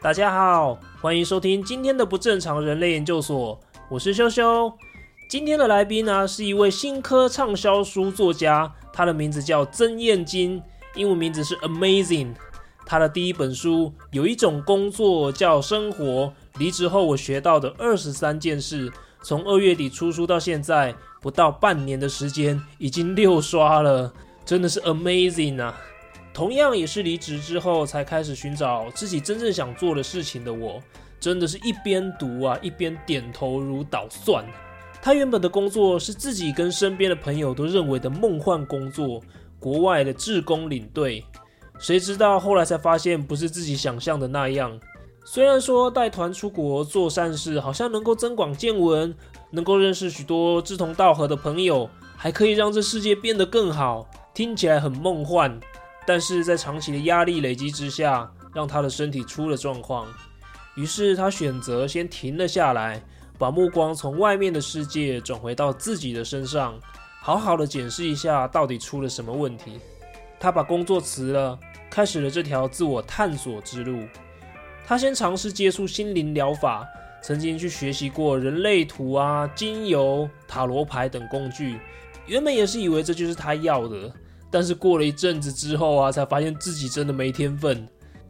大家好，歡迎收聽今天的不正常人類研究所，我是修修。今天的來賓呢、啊、是一位新科暢銷書作家，他的名字叫曾彥菁，英文名字是 Amazing。他的第一本書《有一種工作叫生活》，離職後我學到的二十三件事，從二月底出書到現在不到半年的時間，已經六刷了，真的是 Amazing 啊！同樣也是離職之後才開始尋找自己真正想做的事情的我，真的是一邊讀啊一邊點頭如搗蒜。她原本的工作是自己跟身邊的朋友都認為的夢幻工作——國外的志工領隊。誰知道後來才發現不是自己想象的那樣。雖然說帶團出國做善事，好像能夠增廣見聞，能夠認識許多志同道合的朋友，還可以讓這世界變得更好，聽起來很夢幻。但是在長期的壓力累積之下，讓他的身體出了狀況，於是他選擇先停了下來，把目光從外面的世界轉回到自己的身上，好好的檢視一下到底出了什麼問題。他把工作辭了，開始了這條自我探索之路。他先嘗試接觸心靈療法，曾經去學習過人類圖啊、精油、塔羅牌等工具，原本也是以為這就是他要的。但是過了一陣子之後啊，才發現自己真的沒天分。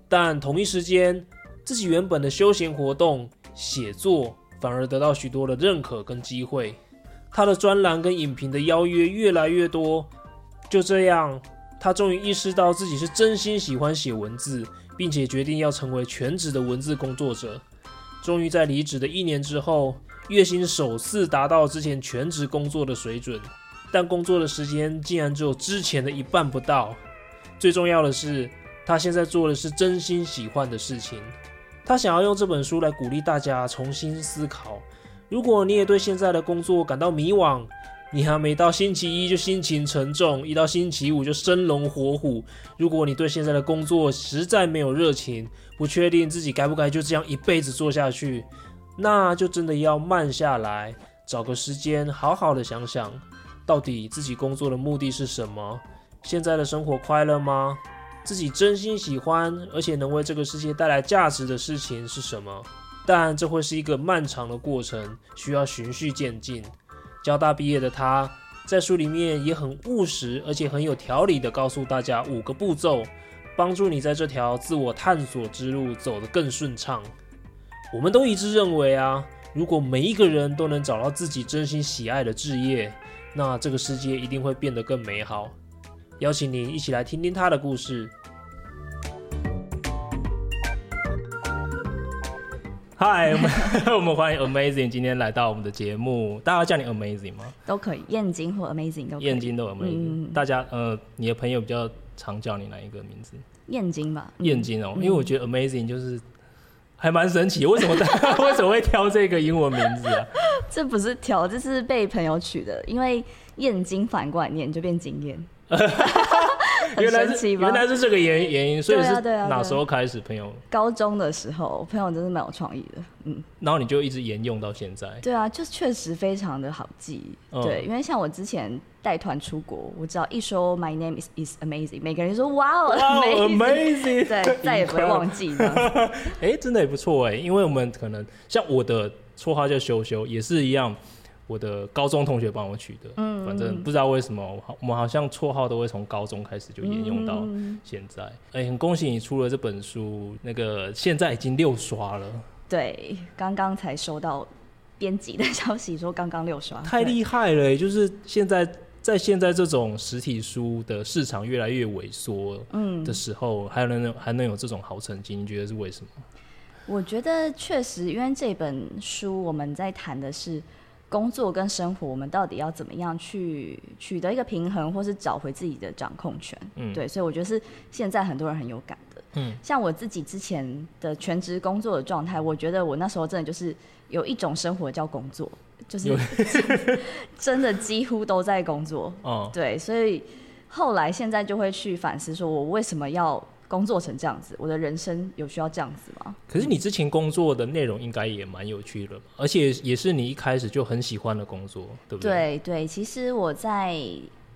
但同一時間，自己原本的休閒活動寫作反而得到許多的認可跟機會。他的專欄跟影評的邀約越來越多。就這樣，他終於意識到自己是真心喜歡寫文字，並且決定要成為全職的文字工作者。終於在離職的一年之後，月薪首次達到之前全職工作的水準。但工作的時間竟然只有之前的一半不到。最重要的是，他現在做的是真心喜歡的事情。他想要用這本書來鼓勵大家重新思考。如果你也對現在的工作感到迷惘，你還每到星期一就心情沉重，一到星期五就生龍活虎。如果你對現在的工作實在沒有熱情，不確定自己該不該就這樣一輩子做下去，那就真的要慢下來，找個時間好好的想想。到底自己工作的目的是什麼？現在的生活快樂嗎？自己真心喜歡而且能為這個世界帶來價值的事情是什麼？但這會是一個漫長的過程，需要循序漸進。交大畢業的他，在書裡面也很務實，而且很有條理的告訴大家五個步驟，幫助你在這條自我探索之路走得更順暢。我們都一致認為啊，如果每一個人都能找到自己真心喜愛的志業。那這個世界一定會變得更美好，邀請你一起來聽聽她的故事。嗨， 我們歡迎 Amazing 今天來到我們的節目，大家叫你 Amazing 嗎？都可以，彥菁或 Amazing 都。彥菁都 Amazing，、嗯、大家呃，你的朋友比較常叫你哪一個名字？彥菁吧。彥菁哦，嗯、因為我覺得 Amazing 就是。還蠻神奇，為什麼？為什麼會挑這個英文名字啊？ 這不是挑，這是被朋友取的，因為彥菁反過來念就變驚豔 原來是原來是這個原原因，所以是哪時候開始？朋友高中的時候，朋友真的蠻有創意的，嗯。然後你就一直沿用到現在。對啊，就確實非常的好記，嗯、對，因為像我之前帶團出國，我只要一說 My name is is amazing，每個人就說 Wow, wow amazing， 對，再也不會忘記。哎， 真的也不錯哎，因為我們可能像我的綽號叫修修，也是一樣。我的高中同學幫我取的，嗯，反正不知道為什麼，我我們好像綽號都會從高中開始就沿用到現在。哎、嗯欸，很恭喜你出了這本書，那個現在已經六刷了。對，剛剛才收到編輯的消息說剛剛六刷，太厲害了、欸！對就是現在在現在這種實體書的市場越來越萎縮，嗯的時候，嗯、還能還能有這種好成績，你覺得是為什麼？我覺得確實，因為這本書我們在談的是。工作跟生活，我們到底要怎麼樣去取得一個平衡，或是找回自己的掌控權？嗯，對，所以我覺得是現在很多人很有感的。嗯，像我自己之前的全職工作的狀態，我覺得我那時候真的就是有一種生活叫工作，就是 真的幾乎都在工作。哦，對，所以後來現在就會去反思，說我為什麼要？工作成這樣子，我的人生有需要這樣子嗎？可是你之前工作的內容應該也蠻有趣的，嗯、而且也是你一開始就很喜歡的工作，對不對？對對，其實我在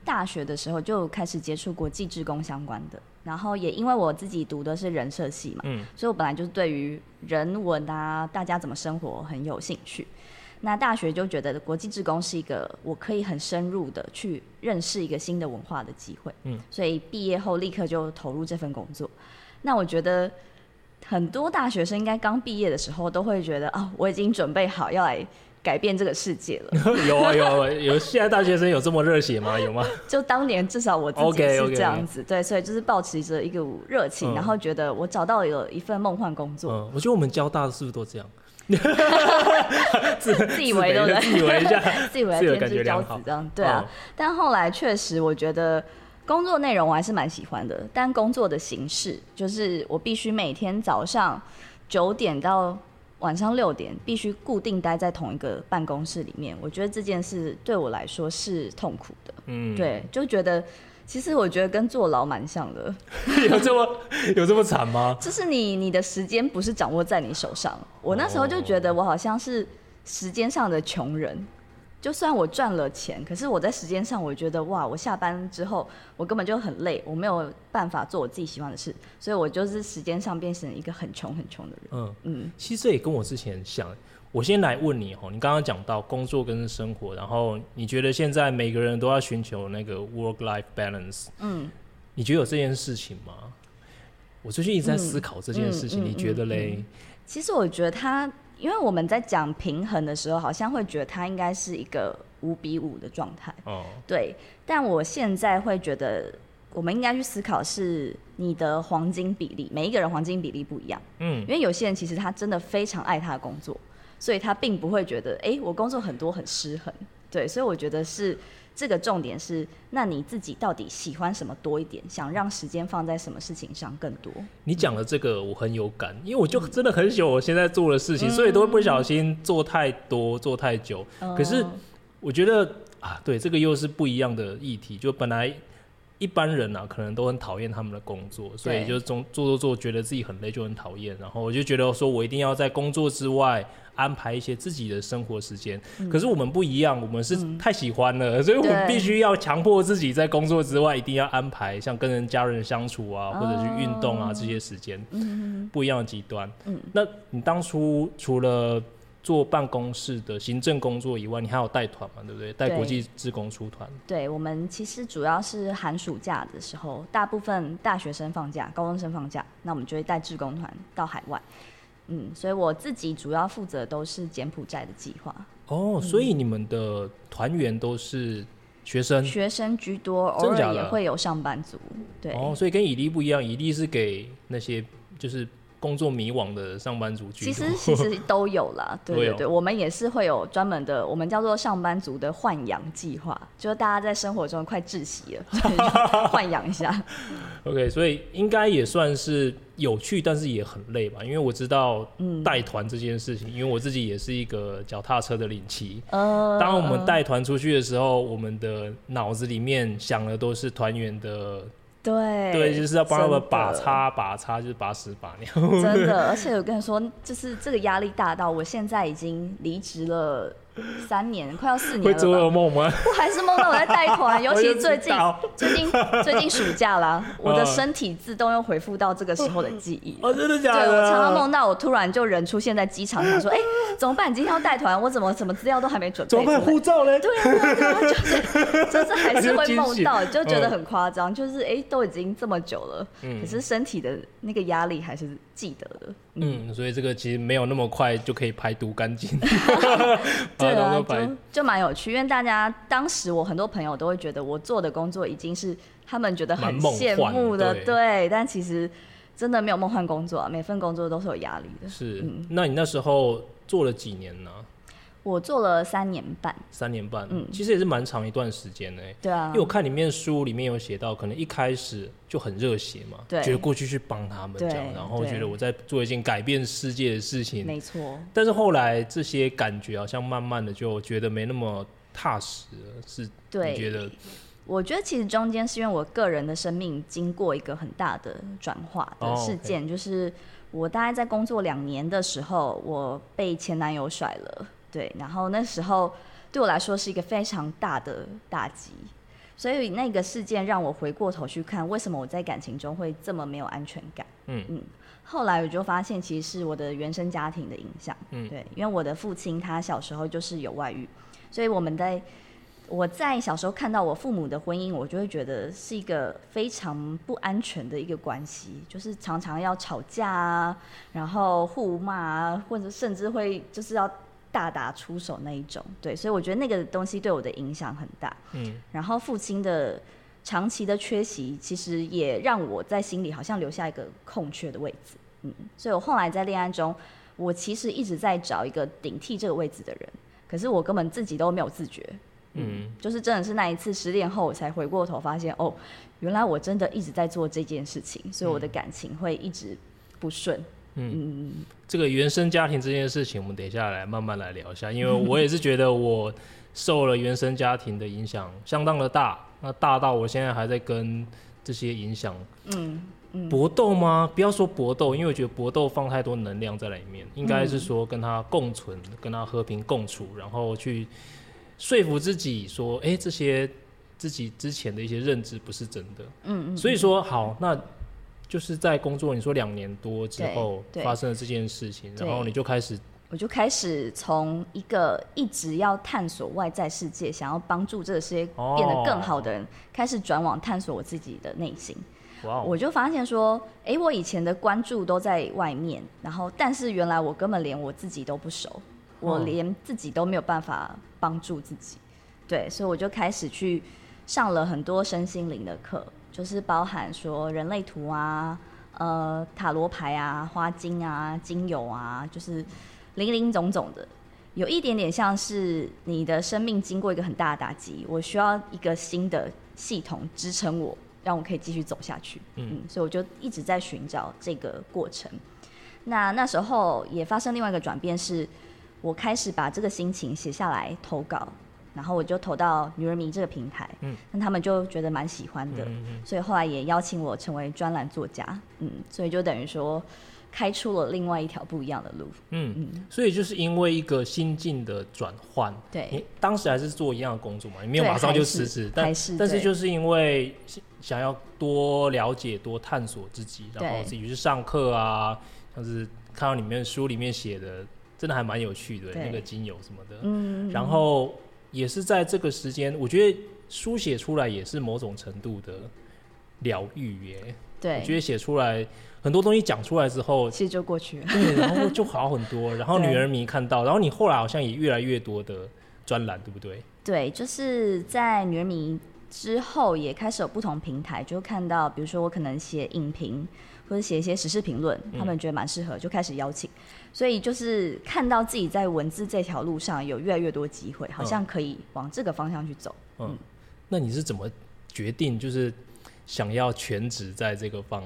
大學的時候就開始接觸國際志工相關的，然後也因為我自己讀的是人社系嘛，嗯、所以我本來就是對於人文啊，大家怎麼生活很有興趣。那大學就覺得國際志工是一個我可以很深入的去認識一個新的文化的機會，嗯，所以畢業後立刻就投入這份工作。那我覺得很多大學生應該剛畢業的時候都會覺得啊、哦，我已經準備好要來改變這個世界了。 有啊有啊有，現在大學生有這麼熱血嗎？有嗎？ 就當年至少我自己是這樣子，okay, okay, okay. 對，所以就是保持着一股熱情，嗯、然後覺得我找到有一份夢幻工作、嗯。我覺得我們交大的是不是都這樣？自以為都在 自以為 being, 自以為， 自以為天之驕子這樣。對啊，但後來確實，我覺得工作內容我還是蠻喜歡的，但工作的形式就是我必須每天早上九點到晚上六點必須固定待在同一個辦公室裡面，我覺得這件事對我來說是痛苦的。嗯， 對，就覺得。其實我覺得跟坐牢蠻像的 有，有這麼有這麼慘嗎？就是你，你的時間不是掌握在你手上。我那時候就覺得，我好像是時間上的窮人。哦，就算我賺了錢，可是我在時間上，我覺得哇，我下班之後，我根本就很累，我沒有辦法做我自己喜歡的事，所以我就是時間上變成一個很窮很窮的人。嗯嗯，嗯其實這也跟我之前想。我先來問你哦，你剛剛講到工作跟生活，然後你覺得現在每個人都要尋求那個 work-life balance？嗯，你覺得有這件事情嗎？我最近一直在思考這件事情，嗯嗯嗯嗯、你覺得嘞？其實我覺得他，因為我們在講平衡的時候，好像會覺得他應該是一個五比五的狀態。哦，對，但我現在會覺得，我們應該去思考是你的黃金比例，每一個人黃金比例不一樣。嗯，因為有些人其實他真的非常愛他的工作。所以他並不會覺得，哎、欸，我工作很多很失衡，對，所以我覺得是這個重點是，那你自己到底喜歡什麼多一點，想讓時間放在什麼事情上更多？你講的這個我很有感，因為我就真的很喜歡我現在做的事情，嗯、所以都會不小心做太多，嗯嗯嗯，做太久。可是我覺得啊，對這個又是不一樣的議題，就本來一般人吶、啊，可能都很討厭他們的工作，所以就總做做做，覺得自己很累就很討厭。然後我就覺得說，我一定要在工作之外。安排一些自己的生活時間，嗯、可是我們不一樣，我們是太喜歡了，嗯、所以我們必須要強迫自己在工作之外對一定要安排像跟人家人相處啊，哦，或者是運動啊這些時間，嗯、不一樣的極端。嗯，那你當初除了做辦公室的行政工作以外，你還有帶團嘛？對不對？帶對國際志工出團？對，我們其實主要是寒暑假的時候，大部分大學生放假，高中生放假，那我們就會帶志工團到海外。嗯，所以我自己主要負責都是柬埔寨的計劃。哦，所以你們的團員都是學生？嗯，學生居多，偶爾也會有上班族。對，哦，所以跟以利不一樣，以利是給那些就是。工作迷惘的上班族，其實其實都有啦， 對對，對我們也是會有專門的，我們叫做上班族的換氧計劃，就是大家在生活中快窒息了，換氧 一下。 OK，所以應該也算是有趣，但是也很累吧，因為我知道帶團這件事情，嗯、因為我自己也是一個腳踏車的領騎。嗯、當我們帶團出去的時候，嗯、我們的腦子裡面想的都是團員的。對對，就是要幫他們把擦的把擦，就是把屎把尿。真的， 而且我跟你說，就是這個壓力大到，我現在已經離職了。三年，快要四年了。會做噩夢嗎？我還是夢到我在帶團， 尤其最近， 最近，最近暑假啦。我的身體自動又恢復到這個時候的記憶。我、哦、真的假的？對，我常常夢到，到我突然就人出現在機場，想說：“哎、 欸，怎麼辦？你今天要帶團，我怎麼什麼資料都還沒準備。”怎麼辦？護照嘞？對、啊對，啊對啊，就是 就是還是會夢到，就覺得很誇張。嗯、就是哎、欸，都已經這麼久了，可是身體的那個壓力還是記得的。嗯，嗯，所以這個其實沒有那麼快就可以排毒乾淨， 對啊，啊排就就蠻有趣，因為大家當時我很多朋友都會覺得我做的工作已經是他們覺得很羨慕的，的對，對，但其實真的沒有夢幻工作，啊，每份工作都是有壓力的，是，嗯，那你那時候做了幾年呢，啊？我做了三年半，三年半，啊，嗯，其實也是蠻長一段時間呢，欸。對啊，因為我看裡面書，裡面有寫到，可能一開始就很熱血嘛，對覺得過去去幫他們這樣，對然後覺得我在做一件改變世界的事情，沒錯對。但是後來這些感覺好像慢慢的就覺得沒那麼踏實了，是對。你覺得，我覺得其實中間是因為我個人的生命經過一個很大的轉化的事件，哦 okay，就是我大概在工作兩年的時候，我被前男友甩了。對，然後那時候對我來說是一個非常大的打擊，所以那個事件讓我回過頭去看，為什麼我在感情中會這麼沒有安全感？嗯嗯，後來我就發現，其實是我的原生家庭的影響。嗯，對，因為我的父親他小時候就是有外遇，所以我們在我在小時候看到我父母的婚姻，我就會覺得是一個非常不安全的一個關係，就是常常要吵架啊，然後互罵啊，或者甚至會就是要。大打出手那一種，對，所以我覺得那個東西對我的影響很大。嗯，然後父親的長期的缺席，其實也讓我在心裡好像留下一個空缺的位置。嗯，所以我後來在戀愛中，我其實一直在找一個頂替這個位置的人，可是我根本自己都沒有自覺。嗯，嗯，就是真的是那一次失戀後，我才回過頭發現，哦，原來我真的一直在做這件事情，所以我的感情會一直不順。嗯。嗯嗯嗯，這個原生家庭這件事情，我們等一下來慢慢來聊一下，因為我也是覺得我受了原生家庭的影響相當的大，那大到我現在還在跟這些影響，嗯，嗯嗯，搏鬥嗎？不要說搏鬥，因為我覺得搏鬥放太多能量在裡面，應該是說跟他共存，跟他和平共處，然後去說服自己說，哎、欸，這些自己之前的一些認知不是真的，嗯嗯，所以說好，那。就是在工作，你說兩年多之後發生了這件事情，然後你就開始，我就開始從一個一直要探索外在世界，想要幫助這些變得更好的人，哦、開始轉往探索我自己的內心。哇，我就發現說，哎、欸，我以前的關注都在外面，然後但是原來我根本連我自己都不熟，我連自己都沒有辦法幫助自己，對，所以我就開始去上了很多身心靈的課。就是包含說人類圖啊，呃，塔羅牌啊，花精啊，精油啊，就是林林總總的。有一點點像是你的生命經過一個很大的打擊，我需要一個新的系統支撐我，讓我可以繼續走下去。嗯，嗯，所以我就一直在尋找這個過程。那那時候也發生另外一個轉變是，是我開始把這個心情寫下來投稿。然後我就投到《女人迷》這個平台，嗯，那他們就覺得蠻喜歡的，所以後來也邀請我成為專欄作家，嗯，所以就等於說，開出了另外一條不一樣的路，嗯，所以就是因為一個心境的轉換，對，當時還是做一樣的工作嘛，沒有馬上就辭職，但但是就是因為想要多了解、多探索自己，然後自己去上課啊，像是看到裡面書裡面寫的，真的還蠻有趣的，那個精油什麼的，嗯，然後。也是在這個時間，我覺得書寫出來也是某種程度的療癒耶。對，我覺得寫出來很多東西講出來之後，其實就過去了。對，然後就好很多。 然後《女人迷》看到，對然後你後來好像也越來越多的專欄，對不對？對，就是在《女人迷》之後也開始有不同平台，就看到，比如說我可能寫影評或者寫一些時事評論，嗯、他們覺得蠻適合，就開始邀請。所以就是看到自己在文字這條路上有越來越多機會，好像可以往這個方向去走。嗯，嗯，那你是怎麼決定就是想要全職在這個方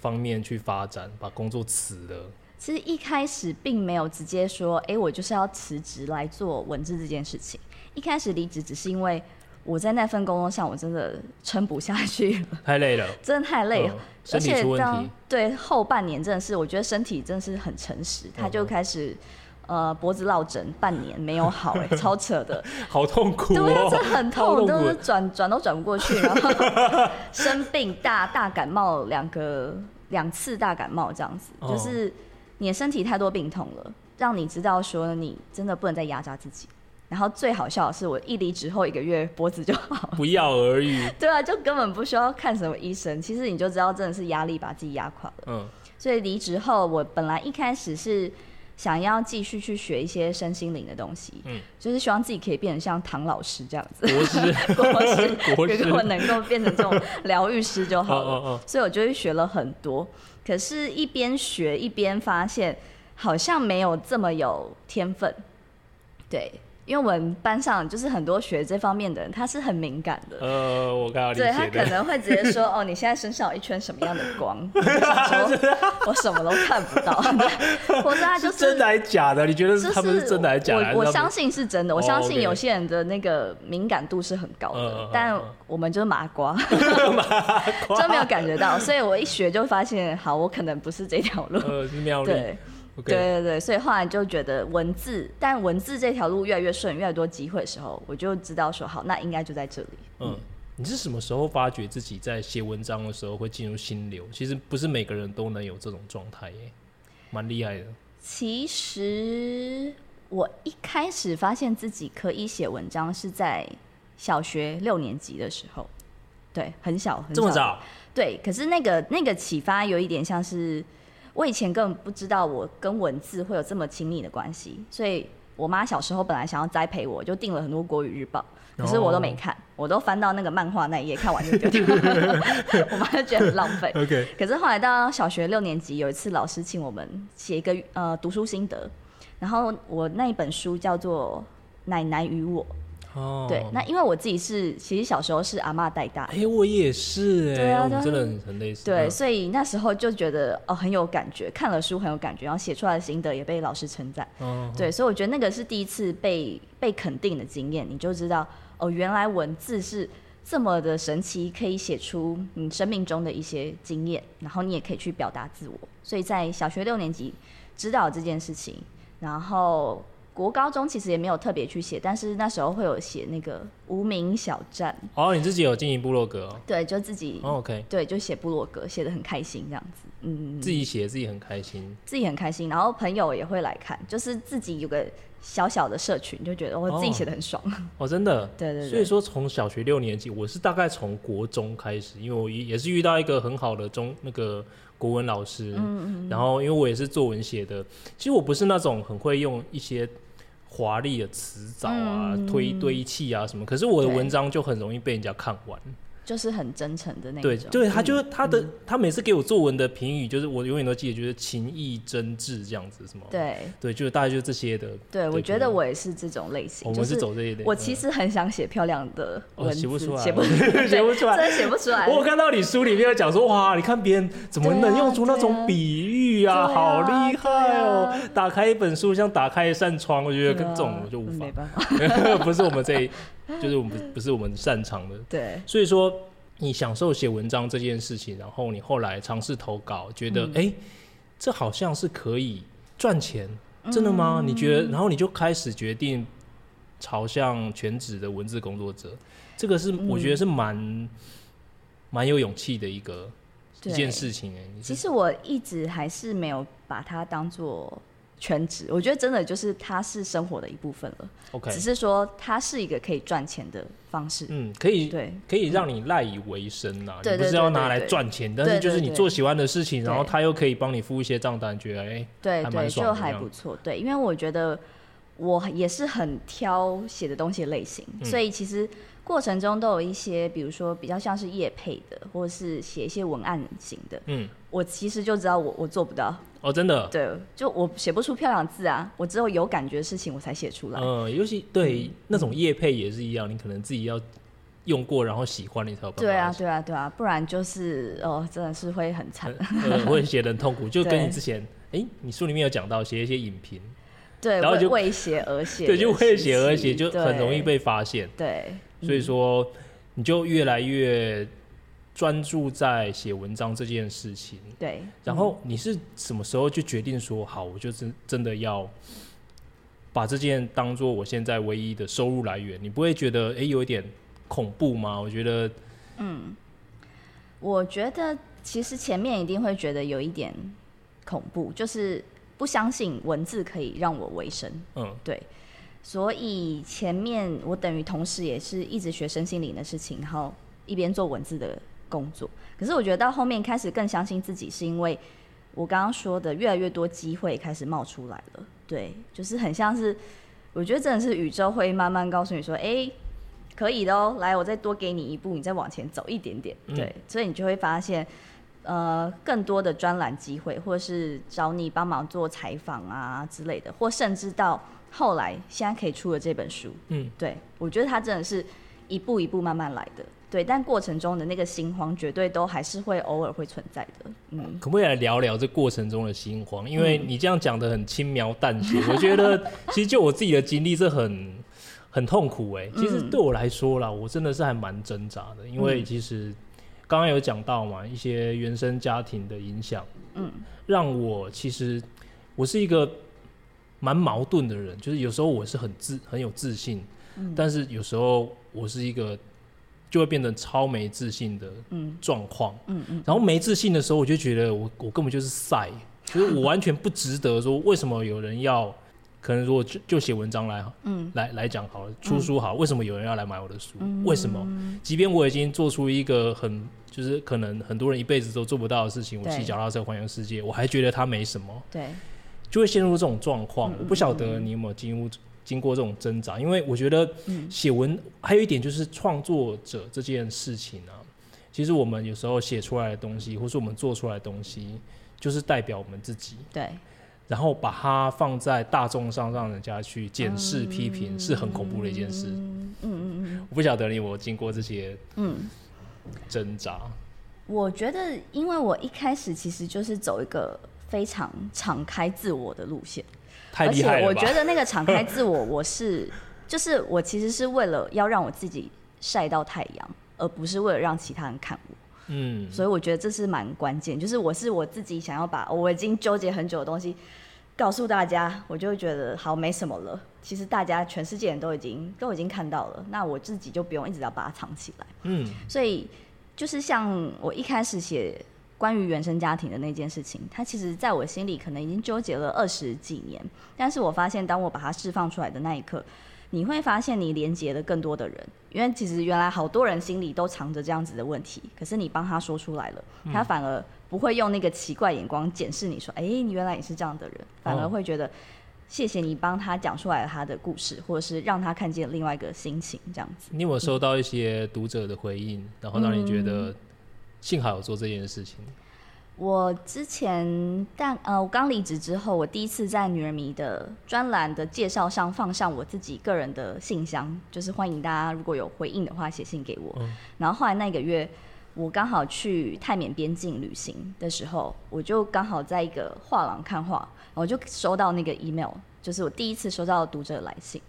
方面去發展，把工作辭了？其實一開始並沒有直接說，哎、欸，我就是要辭職來做文字這件事情。一開始離職只是因為。我在那份工作上，我真的撐不下去了，太累了，真的太累了，呃，身體出問題，而且對，後半年真的是，我覺得身體真的是很誠實，他就開始，嗯哦，呃脖子落枕，半年沒有好，欸，哎，超扯的， 好痛苦，哦。對，這很痛，哦，痛都轉轉都轉不過去，然後生病大，大大感冒，兩個兩次大感冒這樣子，哦，就是你的身體太多病痛了，讓你知道說你真的不能再壓榨自己。然後最好笑的是，我一離職後一個月脖子就好了，不藥而癒。對啊，就根本不需要看什麼醫生。其實你就知道，真的是壓力把自己壓垮了。嗯，所以離職後，我本來一開始是想要繼續去學一些身心靈的東西，嗯，就是希望自己可以變成像唐老師這樣子，國師、 國師、國師，如果我能夠變成這種療癒師就好了。哦哦哦，所以我就學了很多，可是一邊學一邊發現，好像沒有這麼有天分，對。因為我們班上就是很多學這方面的人，他是很敏感的。呃，我跟你說，對，他可能會直接說：“ 哦，你現在身上有一圈什麼樣的光？”我什麼都看不到。我說 他就是，是真的還假的？你覺得是？這是真的還是假的是我我？我相信是真的。我相信有些人的那個敏感度是很高的，哦 okay、但我們就是麻瓜， 麻瓜 就沒有感覺到。所以我一學就發現，好，我可能不是這條路。呃、是妙麗對。Okay. 對對對，所以後來就覺得文字，但文字這條路越來越順，越來越多機會的時候，我就知道說好，那應該就在這裡。嗯，嗯，你是什麼時候發覺自己在寫文章的時候會進入心流？其實不是每個人都能有這種狀態耶，蠻厲害的。其實我一開始發現自己可以寫文章是在小學六年級的時候，對，很小，很小。這麼早？對，可是那個那個啟發有一點像是。我以前根本不知道我跟文字會有這麼親密的關係，所以我媽小時候本來想要栽培我，就訂了很多國語日報，可是我都沒看，oh. 我都翻到那個漫畫那一頁，看完就丟掉。 我媽就覺得很浪費。Okay. 可是後來到小學六年級，有一次老師請我們寫一個呃讀書心得，然後我那一本書叫做《奶奶與我》。哦，oh. 對，那因為我自己是，其實小時候是阿嬤帶大的，誒，欸、我也是、欸，哎，對啊，真的很類似，對，嗯、所以那時候就覺得哦，很有感覺，看了書很有感覺，然後寫出來的心得也被老師稱讚，哦，oh. 對，所以我覺得那個是第一次被被肯定的經驗，你就知道哦，原來文字是這麼的神奇，可以寫出你生命中的一些經驗，然後你也可以去表達自我，所以在小學六年級知道這件事情，然後。國高中其實也沒有特別去寫，但是那時候會有寫那個無名小站。哦，你自己有經營部落格哦？對，就自己。哦，OK。對，就寫部落格，寫得很開心這樣子。嗯嗯。自己寫，自己很開心。自己很開心，然後朋友也會來看，就是自己有個小小的社群，就覺得我自己寫得很爽哦。哦，真的？對對對。所以說從小學六年級，我是大概從國中開始，因為我也是遇到一個很好的中那個國文老師，嗯嗯。然後因為我也是作文寫的，其實我不是那種很會用一些。華麗的辭藻啊，嗯，推堆砌啊什麼，可是我的文章就很容易被人家看完。就是很真誠的那種。對，他就是他的，他每次給我作文的評語，就是我永遠都記得，就是情意真摯這樣子，什麼？對，對，就是大概就這些的。對，我覺得我也是這種類型。我們是走這一類。我其實很想寫漂亮的，我寫不出來，寫不出來，真寫不出來。我看到你書裡面有講說，哇，你看別人怎麼能用出那種比喻啊，好厲害哦！打開一本書像打開一扇窗，我覺得跟這種我就無法，不是我們這一。就是我們不是我們擅長的，對，所以說你享受寫文章這件事情，然後你後來嘗試投稿，覺得欸，這好像是可以賺錢，真的嗎？你覺得，然後你就開始決定朝向全職的文字工作者，這個是我覺得是蠻蠻有勇氣的一個一件事情欸。其實我一直還是沒有把它當做。全職，我覺得真的就是它是生活的一部分了。OK，只是說它是一個可以賺錢的方式。嗯，可以，對，可以讓你賴以為生吶。對、嗯、你不是要拿來賺錢，對對對對，但是就是你做喜歡的事情，對對對對，然後它又可以幫你付一些賬單，覺得哎、欸，對，就還不錯。對，因為我覺得我也是很挑寫的東西的類型，嗯、所以其實。過程中都有一些，比如說比較像是業配的，或者是寫一些文案型的。嗯，我其實就知道我我做不到哦，真的。對，就我寫不出漂亮字啊，我只有有感覺的事情我才寫出來。嗯、呃，尤其對、嗯、那種業配也是一樣，你可能自己要用過，然後喜歡你才、嗯、對啊，對啊，對啊，不然就是哦，真的是會很慘，也寫、呃呃、得很痛苦。 對就跟你之前，哎、欸，你書裡面有講到寫一些影評，對，然後就為寫而寫， 對，就為寫而寫，就很容易被發現，對。對所以說，你就越來越專注在寫文章這件事情。對。然後你是什麼時候就決定說，好，我就真真的要把這件當做我現在唯一的收入來源？你不會覺得哎有一點恐怖嗎？我覺得，嗯，我覺得其實前面一定會覺得有一點恐怖，就是不相信文字可以讓我維生。嗯，對。所以前面我等於同時也是一直學身心靈的事情，然後一邊做文字的工作。可是我覺得到後面開始更相信自己，是因為我剛剛說的越來越多機會開始冒出來了。對，就是很像是，我覺得真的是宇宙會慢慢告訴你說，欸，可以的哦，來，我再多給你一步，你再往前走一點點。對，嗯。所以你就會發現，呃，更多的專欄機會，或者是找你幫忙做採訪啊之類的，或甚至到。後來現在可以出了這本書，嗯，對，我覺得他真的是一步一步慢慢來的，對，但過程中的那個心慌絕對都還是會偶爾會存在的，嗯，可不可以來聊聊這過程中的心慌？因為你這樣講得很輕描淡寫，嗯、我覺得其實就我自己的經歷是很 很痛苦哎。欸，其實對我來說啦，我真的是還蠻掙扎的，因為其實剛剛有講到嘛，一些原生家庭的影響，嗯，讓我其實我是一個。蠻矛盾的人，就是有時候我是很自很有自信，嗯、但是有時候我是一個就會變成超沒自信的狀況，嗯嗯嗯、然後沒自信的時候，我就覺得我我根本就是賽，就是我完全不值得說，為什麼有人要， 可能說就寫文章來，嗯，來來講好了，出書好了，嗯、為什麼有人要來買我的書？嗯、為什麼？即便我已經做出一個很就是可能很多人一輩子都做不到的事情，對我騎腳踏車環遊世界，我還覺得它沒什麼，對。就會陷入這種狀況，嗯、我不曉得你有沒有經經過這種掙扎，嗯、因為我覺得寫文還有一點就是創作者這件事情呢、啊，嗯、其實我們有時候寫出來的東西，或是我們做出來的東西，就是代表我們自己。對。然後把它放在大眾上，讓人家去檢視、嗯、批評，是很恐怖的一件事。嗯嗯嗯。嗯，我不曉得你有沒有經過這些嗯掙扎。我覺得，因為我一開始其實就是走一個。非常敞開自我的路線，太厲害了吧。而且我覺得那個敞開自我， 我是就是我其實是為了要讓我自己曬到太陽，而不是為了讓其他人看我。嗯，所以我覺得這是蠻關鍵，就是我是我自己想要把我已經糾結很久的東西告訴大家，我就會覺得好沒什麼了。其實大家全世界人都已經都已經看到了，那我自己就不用一直要把它藏起來。嗯，所以就是像我一開始寫。關於原生家庭的那件事情，他其實在我心裡可能已經糾結了二十幾年。但是我發現，當我把它釋放出來的那一刻，你會發現你連接了更多的人，因為其實原來好多人心裡都藏着這樣子的問題。可是你幫他說出來了，他反而不會用那個奇怪眼光檢視你，說：“哎、嗯欸，你原來也是這樣的人。”反而會覺得謝謝你幫他講出來他的故事，哦、或者是讓他看見另外一個心情這樣子。你有收到一些讀者的回應，嗯、然後讓你覺得？幸好有做這件事情。我之前但呃，我剛離職之後，我第一次在《女人迷》的專欄的介紹上放上我自己個人的信箱，就是歡迎大家如果有回應的話寫信給我。嗯、然後後來那個月，我剛好去泰緬邊境旅行的時候，我就剛好在一個畫廊看畫，我就收到那個 email，就是我第一次收到讀者的來信，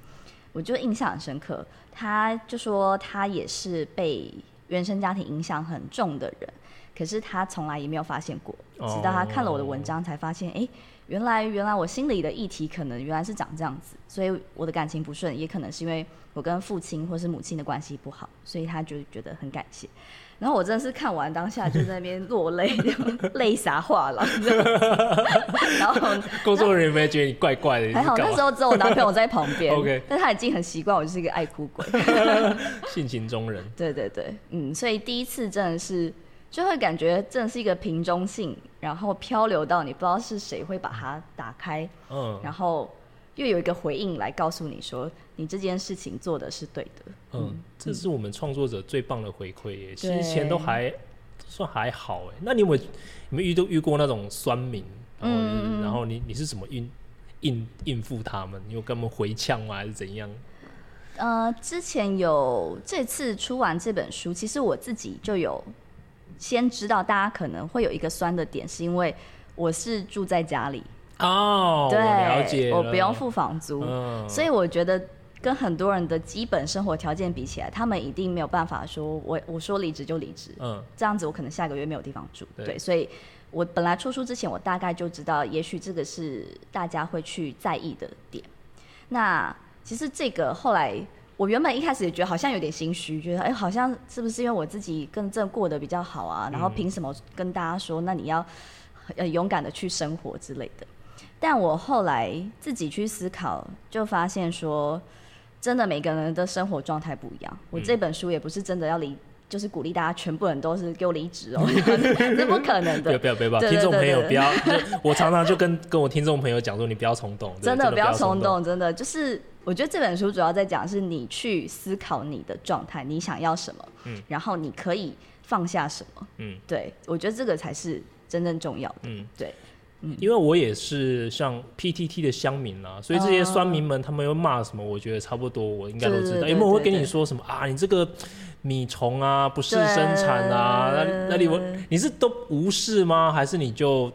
我就印象很深刻。他就說他也是被原生家庭影響很重的人，可是他從來也沒有發現過，直到他看了我的文章才發現，誒，原來原來我心裡的議題可能原來是長這樣子，所以我的感情不順也可能是因為我跟父親或是母親的關係不好，所以他就覺得很感謝。然後我真的是看完當下就在那邊落淚， 淚灑畫廊。對對 然後工作人員沒覺得你怪怪的？還好那時候只有我男朋友在旁邊。 OK，但他已經很習慣我就是一個愛哭鬼， 性情中人。對對對，嗯，所以第一次真的是就會感覺真的是一個瓶中信，然後漂流到你不知道是誰會把它打開。嗯，然後。又有一個回應來告訴你說，你這件事情做的是對的。嗯，嗯，這是我們創作者最棒的回饋耶、欸。對之前都還算還好哎、欸，那你們你們遇到遇過那種酸民，然後、嗯、然後你你是怎麼應應應付他們？你有跟他們回嗆嗎，還是怎樣？呃，之前有這次出完這本書，其實我自己就有先知道大家可能會有一個酸的點，是因為我是住在家裡。哦，oh, 了解。對我不用付房租，uh, 所以我覺得跟很多人的基本生活條件比起來，他們一定沒有辦法說我我說離職就離職，嗯，uh, 這樣子我可能下個月沒有地方住，對，對，所以我本來出書之前，我大概就知道，也許這個是大家會去在意的點。那其實這個後來，我原本一開始也覺得好像有點心虛，覺得哎，好像是不是因為我自己更正過得比較好啊，嗯、然後憑什麼跟大家說，那你要很勇敢的去生活之類的？但我後來自己去思考，就發現說，真的每個人的生活狀態不一樣。我這本書也不是真的要離，就是鼓勵大家全部人都是給我離職哦， 這不可能的。 不要不要不要，聽眾朋友不要。 我常常就跟跟我聽眾朋友講說，你不要衝動。真的，真的不要衝動，不要衝動，真的就是我覺得這本書主要在講，是你去思考你的狀態，你想要什麼，嗯，然後你可以放下什麼。嗯，對，對我覺得這個才是真正重要的。嗯，對。因為我也是像 PTT 的鄉民啊，所以這些酸民們他們又罵什麼，我覺得差不多，我應該都知道。因為、欸、我會跟你說什麼啊，你這個米蟲啊，不事生產啊，那那你，你是都無視嗎？還是你就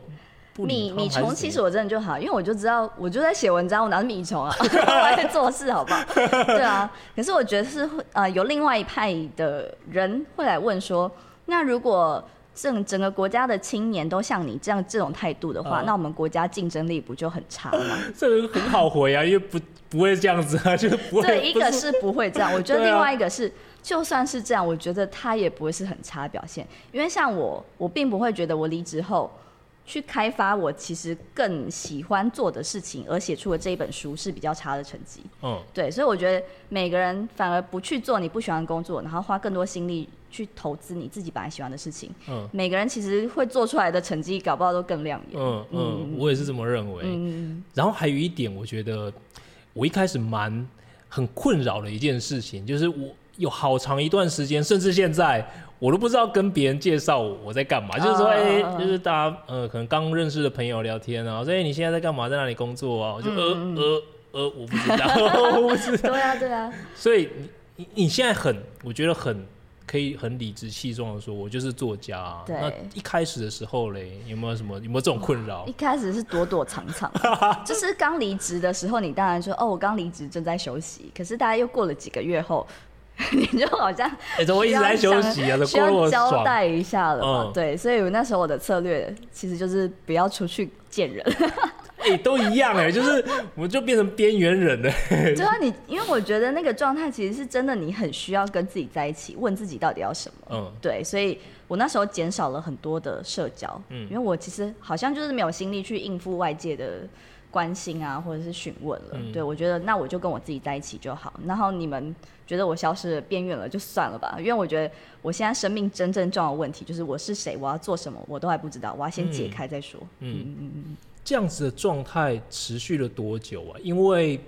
不米米蟲？其實我真的就好，因為我就知道，我就在寫文章，我哪是米蟲啊？ 我還在做事，好不好？對啊。可是我覺得是會、呃、有另外一派的人會來問說，那如果。整整個國家的青年都像你這樣這種態度的話，嗯、那我們國家競爭力不就很差嗎？ 這個很好回啊，因為不不會這樣子啊，就不會 對，一個是不會這樣。 我覺得另外一個是，啊、就算是這樣，我覺得他也不會是很差的表現。因為像我，我並不會覺得我離職後去開發我其實更喜歡做的事情，而寫出了這一本書是比較差的成績。嗯，對，所以我覺得每個人反而不去做你不喜歡的工作，然後花更多心力。去投資你自己本來喜歡的事情，嗯，每個人其實會做出來的成績，搞不好都更亮眼。嗯嗯，嗯嗯我也是這麼認為。嗯然後還有一點，我覺得我一開始蠻很困擾的一件事情，就是我有好長一段時間，甚至現在我都不知道跟別人介紹我,我在幹嘛。嗯、就是說，哎、欸，就是大家呃，可能剛認識的朋友聊天啊，所以你現在在幹嘛？在哪裡工作啊？我就嗯嗯呃呃呃，我不知道， 我不知道。對啊,對啊，對啊。所以你你現在很，我覺得很。可以很理直氣壯的說，我就是作家啊。對，那一開始的時候嘞，有沒有什麼，有沒有這種困擾？一開始是躲躲藏藏， 就是剛離職的時候，你當然說，哦，我剛離職，正在休息。可是大概又過了幾個月後， 你就好像，欸，怎麼我一直在休息啊，需要交代一下了嘛。嗯、對，所以那時候我的策略其實就是不要出去見人。 哎、欸，都一樣哎， 就是我就變成邊緣人了。對啊，你因為我覺得那個狀態其實是真的，你很需要跟自己在一起，問自己到底要什麼。嗯，對，所以我那時候減少了很多的社交。嗯，因為我其實好像就是沒有心力去應付外界的關心啊，或者是詢問了。嗯、對，我覺得那我就跟我自己在一起就好。然後你們覺得我消失了，邊緣了就算了吧。因為我覺得我現在生命真正重要的問題就是我是誰，我要做什麼，我都還不知道，我要先解開再說。嗯，嗯嗯嗯。這樣子的狀態持續了多久啊？因為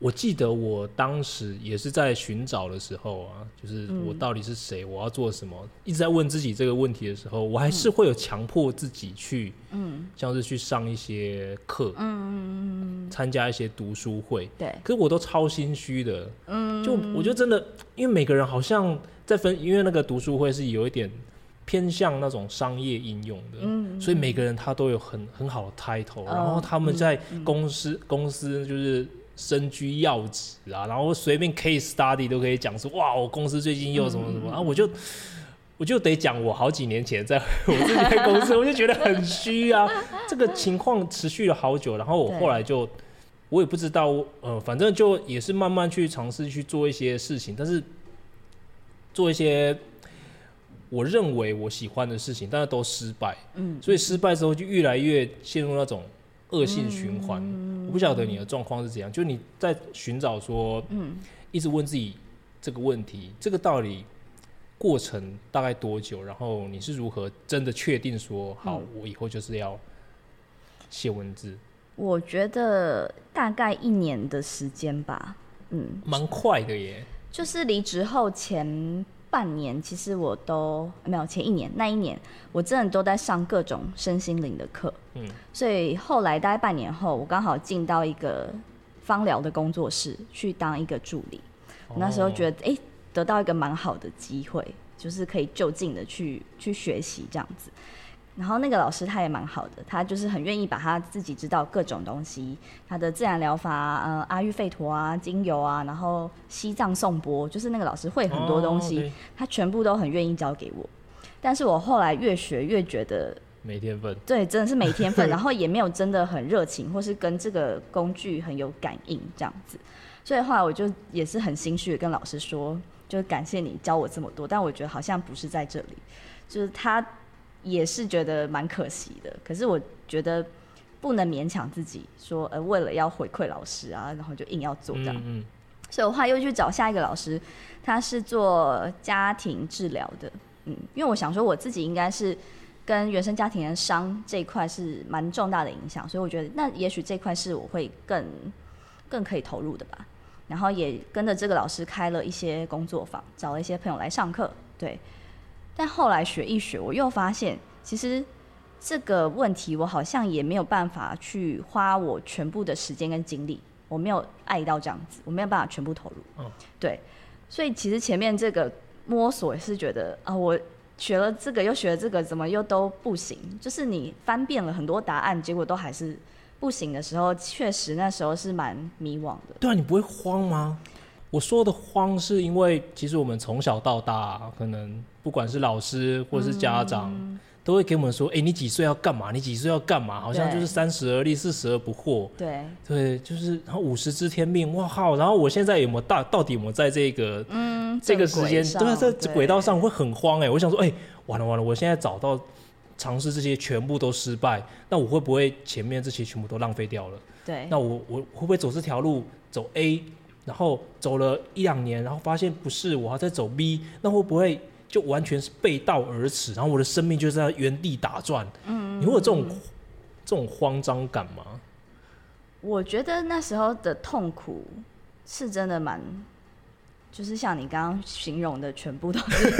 我記得我當時也是在尋找的時候啊，就是我到底是誰，我要做什麼，一直在問自己這個問題的時候，我還是會有強迫自己去，嗯，像是去上一些課，嗯，參加一些讀書會，對，可是我都超心虛的，嗯，就我覺得真的，因為每個人好像在分，因為那個讀書會是有一點。偏向那種商業應用的，嗯嗯嗯，所以每個人他都有很很好的 title，嗯嗯嗯、然後他們在公司嗯嗯公司就是身居要職啊，然後隨便 case study 都可以講說哇，我公司最近又什麼什麼，然後、嗯嗯嗯啊、我就我就得講我好幾年前在我自己開公司， 我就覺得很虛啊。 這個情況持續了好久，然後我後來就對我也不知道，呃，反正就也是慢慢去嘗試去做一些事情，但是做一些。我認為我喜歡的事情，但是都失敗，嗯，所以失敗之後就越來越陷入那種惡性循環。嗯、我不曉得你的狀況是怎樣，嗯、就你在尋找說，嗯，一直問自己這個問題，這個道理過程大概多久？然後你是如何真的確定說，好，嗯、我以後就是要寫文字？我覺得大概一年的時間吧，嗯，蠻快的耶，就是離職後前。半年其實我都沒有，前一年那一年我真的都在上各種身心靈的課，嗯，所以後來大概半年後，我剛好進到一個芳療的工作室去當一個助理，哦、我那時候覺得誒，得到一個蠻好的機會，就是可以就近的去去學習這樣子。然後那個老師他也蠻好的，他就是很願意把他自己知道各種東西，他的自然療法嗯、啊啊，阿育吠陀啊，精油啊，然後西藏頌缽，就是那個老師會很多東西，oh, okay. 他全部都很願意教給我。但是我後來越學越覺得沒天分，對，真的是沒天分， 然後也沒有真的很熱情，或是跟這個工具很有感應這樣子，所以後來我就也是很心虛跟老師說，就感謝你教我這麼多，但我覺得好像不是在這裡，就是他。也是覺得蠻可惜的，可是我覺得不能勉強自己說，呃，為了要回饋老師啊，然後就硬要做到。嗯，嗯。所以我話又去找下一個老師，他是做家庭治療的，嗯，因為我想說我自己應該是跟原生家庭的傷這一塊是蠻重大的影響，所以我覺得那也許這塊是我會更更可以投入的吧。然後也跟着這個老師開了一些工作坊，找了一些朋友來上課，對。但後來學一學，我又發現，其實這個問題我好像也沒有辦法去花我全部的時間跟精力，我沒有愛到這樣子，我沒有辦法全部投入。嗯，對，所以其實前面這個摸索也是覺得啊，我學了這個又學了這個，怎麼又都不行？就是你翻遍了很多答案，結果都還是不行的時候，確實那時候是蠻迷惘的。對啊，你不會慌嗎？我說的慌是因為，其實我們從小到大、啊，可能不管是老師或者是家長，嗯、都會給我們說：“哎、欸，你幾歲要幹嘛？你幾歲要幹嘛？”對好像就是“三十而立，四十而不惑”，對對，就是然後五十知天命。哇好，然後我現在有沒有到？到底有沒有在這個嗯這個時間，對，在軌道上會很慌哎、欸！對我想說，哎、欸，完了完了！我現在找到嘗試這些全部都失敗，那我會不會前面這些全部都浪費掉了？對，那我我會不會走這條路走 A？然後走了一兩年，然後發現不是，我還在走 B，那會不會就完全是背道而馳？然後我的生命就在原地打轉，嗯嗯嗯，你會有這種這種慌張感嗎？我覺得那時候的痛苦是真的蠻，就是像你剛剛形容的，全部都是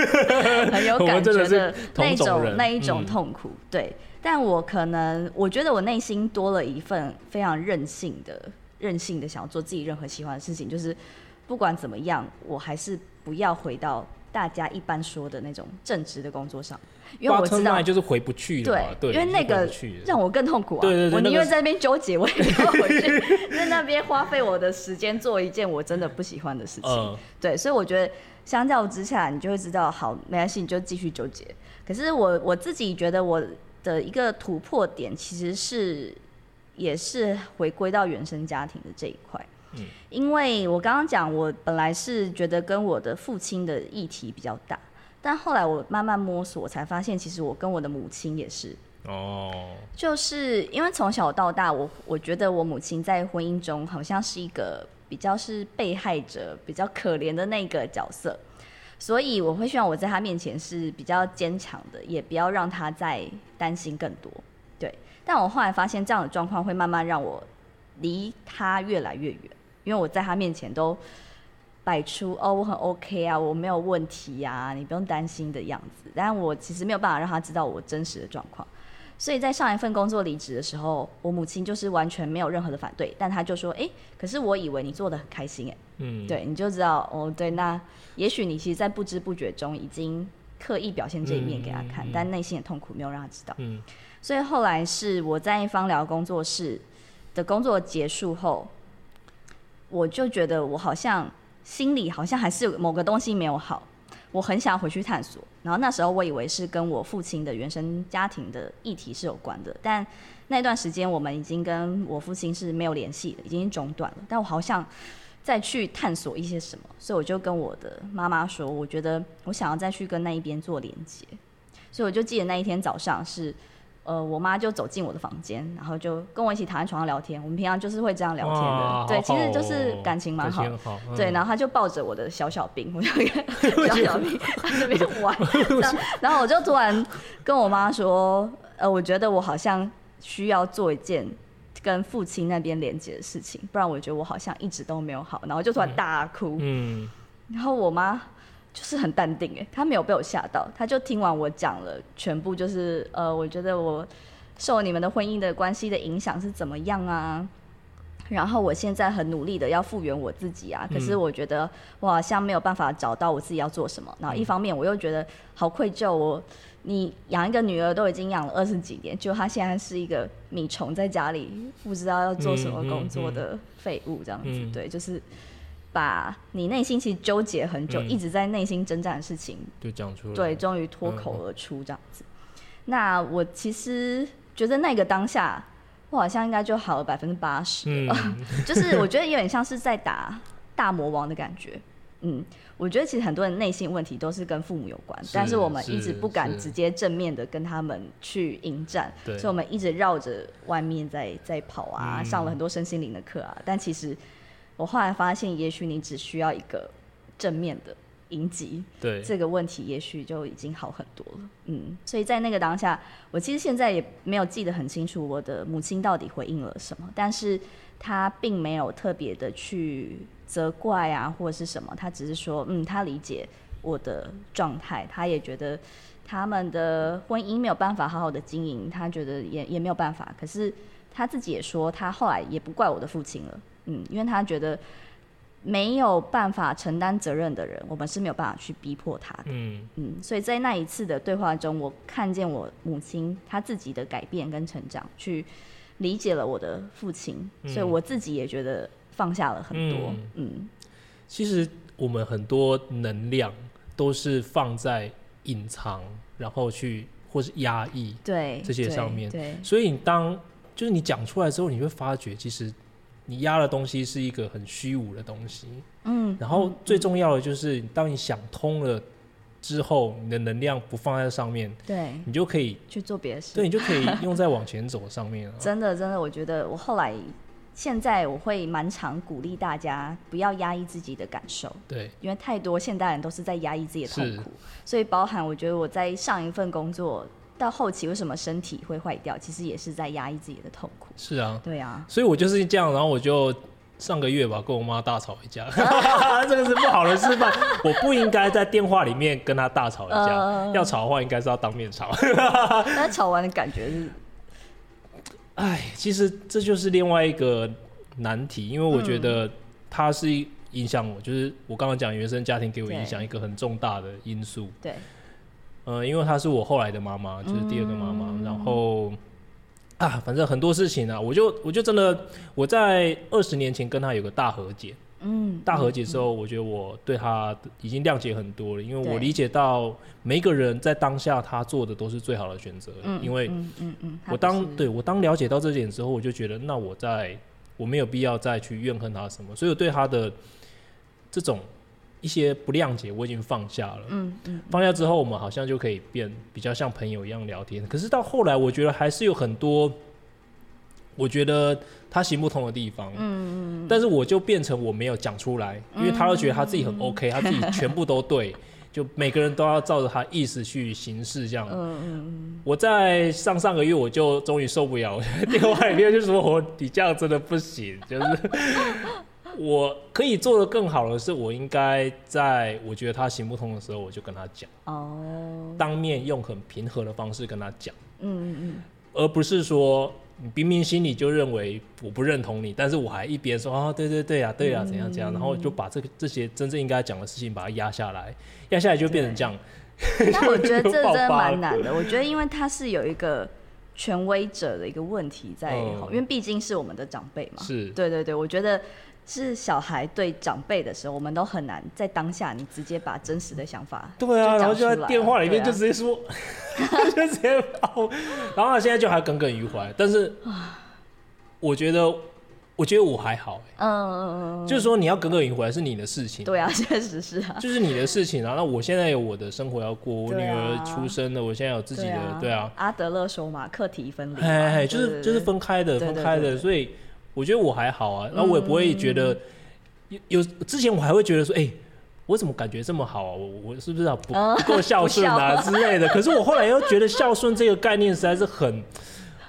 很有感覺的那種， 我真的是同種人、嗯、那一種痛苦。對，但我可能我覺得我內心多了一份非常任性的。任性的想要做自己任何喜歡的事情，就是不管怎麼樣，我還是不要回到大家一般說的那種正職的工作上，因為我知道就是回不去對，對因為那個讓我更痛苦啊！對對對，那個，我寧願在那邊糾結，我也不要回去， 在那邊花費我的時間做一件我真的不喜歡的事情。嗯、對，所以我覺得相較之下，你就會知道，好，沒關係，你就繼續糾結。可是我我自己覺得我的一個突破點其實是。也是回歸到原生家庭的這一塊，嗯，因為我剛剛講，我本來是覺得跟我的父親的議題比較大，但後來我慢慢摸索，才發現其實我跟我的母親也是，哦，就是因為從小到大，我我覺得我母親在婚姻中好像是一個比較是被害者，比較可憐的那個角色，所以我會希望我在她面前是比較堅強的，也不要讓她再擔心更多。但我後來發現，這樣的狀況會慢慢讓我離他越來越遠，因為我在他面前都擺出哦我很 OK 啊，我沒有問題啊，你不用擔心的樣子。但我其實沒有辦法讓他知道我真實的狀況，所以在上一份工作離職的時候，我母親就是完全沒有任何的反對，但他就說：“哎、欸，可是我以為你做得很開心，嗯，對，你就知道哦，對，那也許你其實，在不知不覺中已經刻意表現這一面給他看，嗯嗯、但內心的痛苦沒有讓他知道。”嗯。所以後來是我在一方聊工作室的工作結束後，我就覺得我好像心裡好像還是某個東西沒有好，我很想回去探索。然後那時候我以為是跟我父親的原生家庭的議題是有關的，但那段時間我們已經跟我父親是沒有聯繫的，已經中斷了。但我好想再去探索一些什麼，所以我就跟我的媽媽說，我覺得我想要再去跟那一邊做連接。所以我就記得那一天早上是。呃，我媽就走進我的房間，然後就跟我一起躺在床上聊天。我們平常就是會這樣聊天的，啊、對，好好哦、其實就是感情蠻好。好嗯、對，然後她就抱着我的小小兵，我就跟小小兵 在那邊玩。 然後我就突然跟我媽說，呃，我覺得我好像需要做一件跟父親那邊連接的事情，不然我覺得我好像一直都沒有好。然後我就突然大哭。嗯，嗯然後我媽。就是很淡定哎，他沒有被我嚇到，他就聽完我講了全部，就是呃，我覺得我受你們的婚姻的關係的影響是怎麼樣啊，然後我現在很努力的要復原我自己啊，可是我覺得我好像沒有辦法找到我自己要做什麼。然後一方面我又覺得好愧疚，我，你養一個女兒都已經養了二十幾年，就她現在是一個米蟲，在家裡不知道要做什麼工作的廢物這樣子，對，就是。把你內心其實糾結很久、嗯、一直在內心征戰的事情，就講出來，對，終於脫口而出這樣子。嗯、那我其實覺得那個當下，我好像應該就好了百分之八十，嗯、 就是我覺得有點像是在打大魔王的感覺。 嗯，我覺得其實很多人內心問題都是跟父母有關，是但是我們一直不敢直接正面的跟他們去迎戰，所以我們一直繞着外面在在跑啊，嗯、上了很多身心靈的課啊，但其實。我後來發現，也許你只需要一個正面的迎擊，對這個問題，也許就已經好很多了。嗯，所以在那個當下，我其實現在也沒有記得很清楚，我的母親到底回應了什麼，但是他並沒有特別的去責怪啊，或者是什麼，他只是說，嗯，他理解我的狀態，他也覺得他們的婚姻沒有辦法好好的經營，他覺得也也沒有辦法。可是他自己也說，他後來也不怪我的父親了。嗯，因為他覺得沒有辦法承擔責任的人，我們是沒有辦法去逼迫他的。嗯嗯，所以在那一次的對話中，我看見我母親她自己的改變跟成長，去理解了我的父親，所以我自己也覺得放下了很多。嗯，嗯，其實我們很多能量都是放在隱藏，然後去或是壓抑，對這些上面。對，對，所以你當就是你講出來之後，你會發覺其實。你壓的東西是一個很虛無的東西，嗯，然後最重要的就是當你想通了之後，你的能量不放在上面，對，你就可以去做別的事，對你就可以用在往前走的上面了啊。 真的，真的，我覺得我後來現在我會蠻常鼓勵大家不要壓抑自己的感受，對，因為太多現代人都是在壓抑自己的痛苦，是所以包含我覺得我在上一份工作。到後期為什麼身體會壞掉？其實也是在壓抑自己的痛苦。是啊，對啊，所以我就是這樣。然後我就上個月吧，跟我媽大吵一架。 這個是不好的示範。 我不應該在電話裡面跟她大吵一架。呃、要吵的話，應該是要當面吵。那 吵完的感覺是……哎，其實這就是另外一個難題，因為我覺得她是影響我，嗯、就是我剛剛講原生家庭給我影響一個很重大的因素。對。嗯、呃，因為她是我後來的媽媽，就是第二個媽媽。嗯、然後啊，反正很多事情啊，我就我就真的我在二十年前跟她有個大和解。嗯，大和解之後，我覺得我對她已經諒解很多了，因為我理解到每一個人在當下她做的都是最好的選擇。嗯，因為我當、嗯嗯嗯嗯、對我當了解到這點之後，我就覺得那我在我沒有必要再去怨恨她什麼，所以我對她的這種。一些不諒解，我已經放下了。嗯嗯，放下之後，我們好像就可以變比較像朋友一樣聊天。可是到後來，我覺得還是有很多，我覺得他行不通的地方。嗯，但是我就變成我沒有講出來，因為他都覺得他自己很 OK，他自己全部都對，就每個人都要照着他意思去行事這樣。我在上上個月，我就終於受不了電話裡面就說我，你這樣真的不行，就是。我可以做得更好的是，我應該在我覺得他行不通的時候，我就跟他講哦，oh. 當面用很平和的方式跟他講、嗯，嗯嗯嗯，而不是說你明明心裡就認為我不認同你，但是我還一邊說啊對對對對啊，對啊嗯、怎樣怎樣，然後就把這個這些真正應該講的事情把它壓下來，壓下來就變成這樣。對 那我覺得這真的蠻難的， 我覺得因為他是有一個權威者的一個問題在，嗯、因為畢竟是我們的長輩嘛，是，對對對，我覺得。是小孩對長輩的時候，我們都很難在當下，你直接把真實的想法，對啊，然後就在電話裡面就直接說，就直接然後現在就還耿耿於懷，但是我覺得，我覺得我還好，嗯嗯嗯，就是說你要耿耿於懷是你的事情，對啊，確實是，就是你的事情。啊。那我現在有我的生活要過，我女兒出生了，我現在有自己的，對啊。阿德勒說嘛，課題分離，哎，就是就是分開的，分開的，所以。我覺得我還好啊，那我也不會覺得有有。之前我還會覺得說，哎，我怎麼感覺這麼好？我我是不是啊？不不夠孝順啊之類的？可是我後來又覺得孝順這個概念實在是很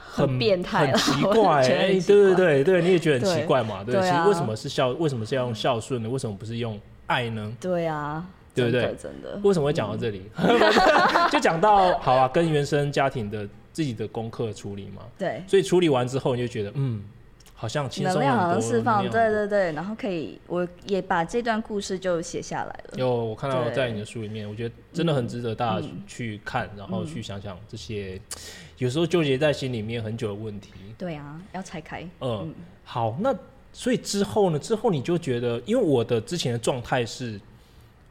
很變態、很奇怪。哎，對對對對，你也覺得很奇怪嘛？對，其實為什麼是孝？為什麼是要用孝順呢？為什麼不是用愛呢？對啊，對不對？真的，為什麼會講到這裡？就講到好啊，跟原生家庭的自己的功課處理嘛。對，所以處理完之後，你就覺得嗯。好像的量對對對能量好像釋放，對對對，然後可以，我也把這段故事就寫下來了。有、呃，我看到在你的書裡面，我覺得真的很值得大家去看，嗯、然後去想想這些有時候糾結在心裡面很久的問題。嗯、對啊，要拆開。呃、嗯，好，那所以之後呢？之後你就覺得，因為我的之前的狀態是，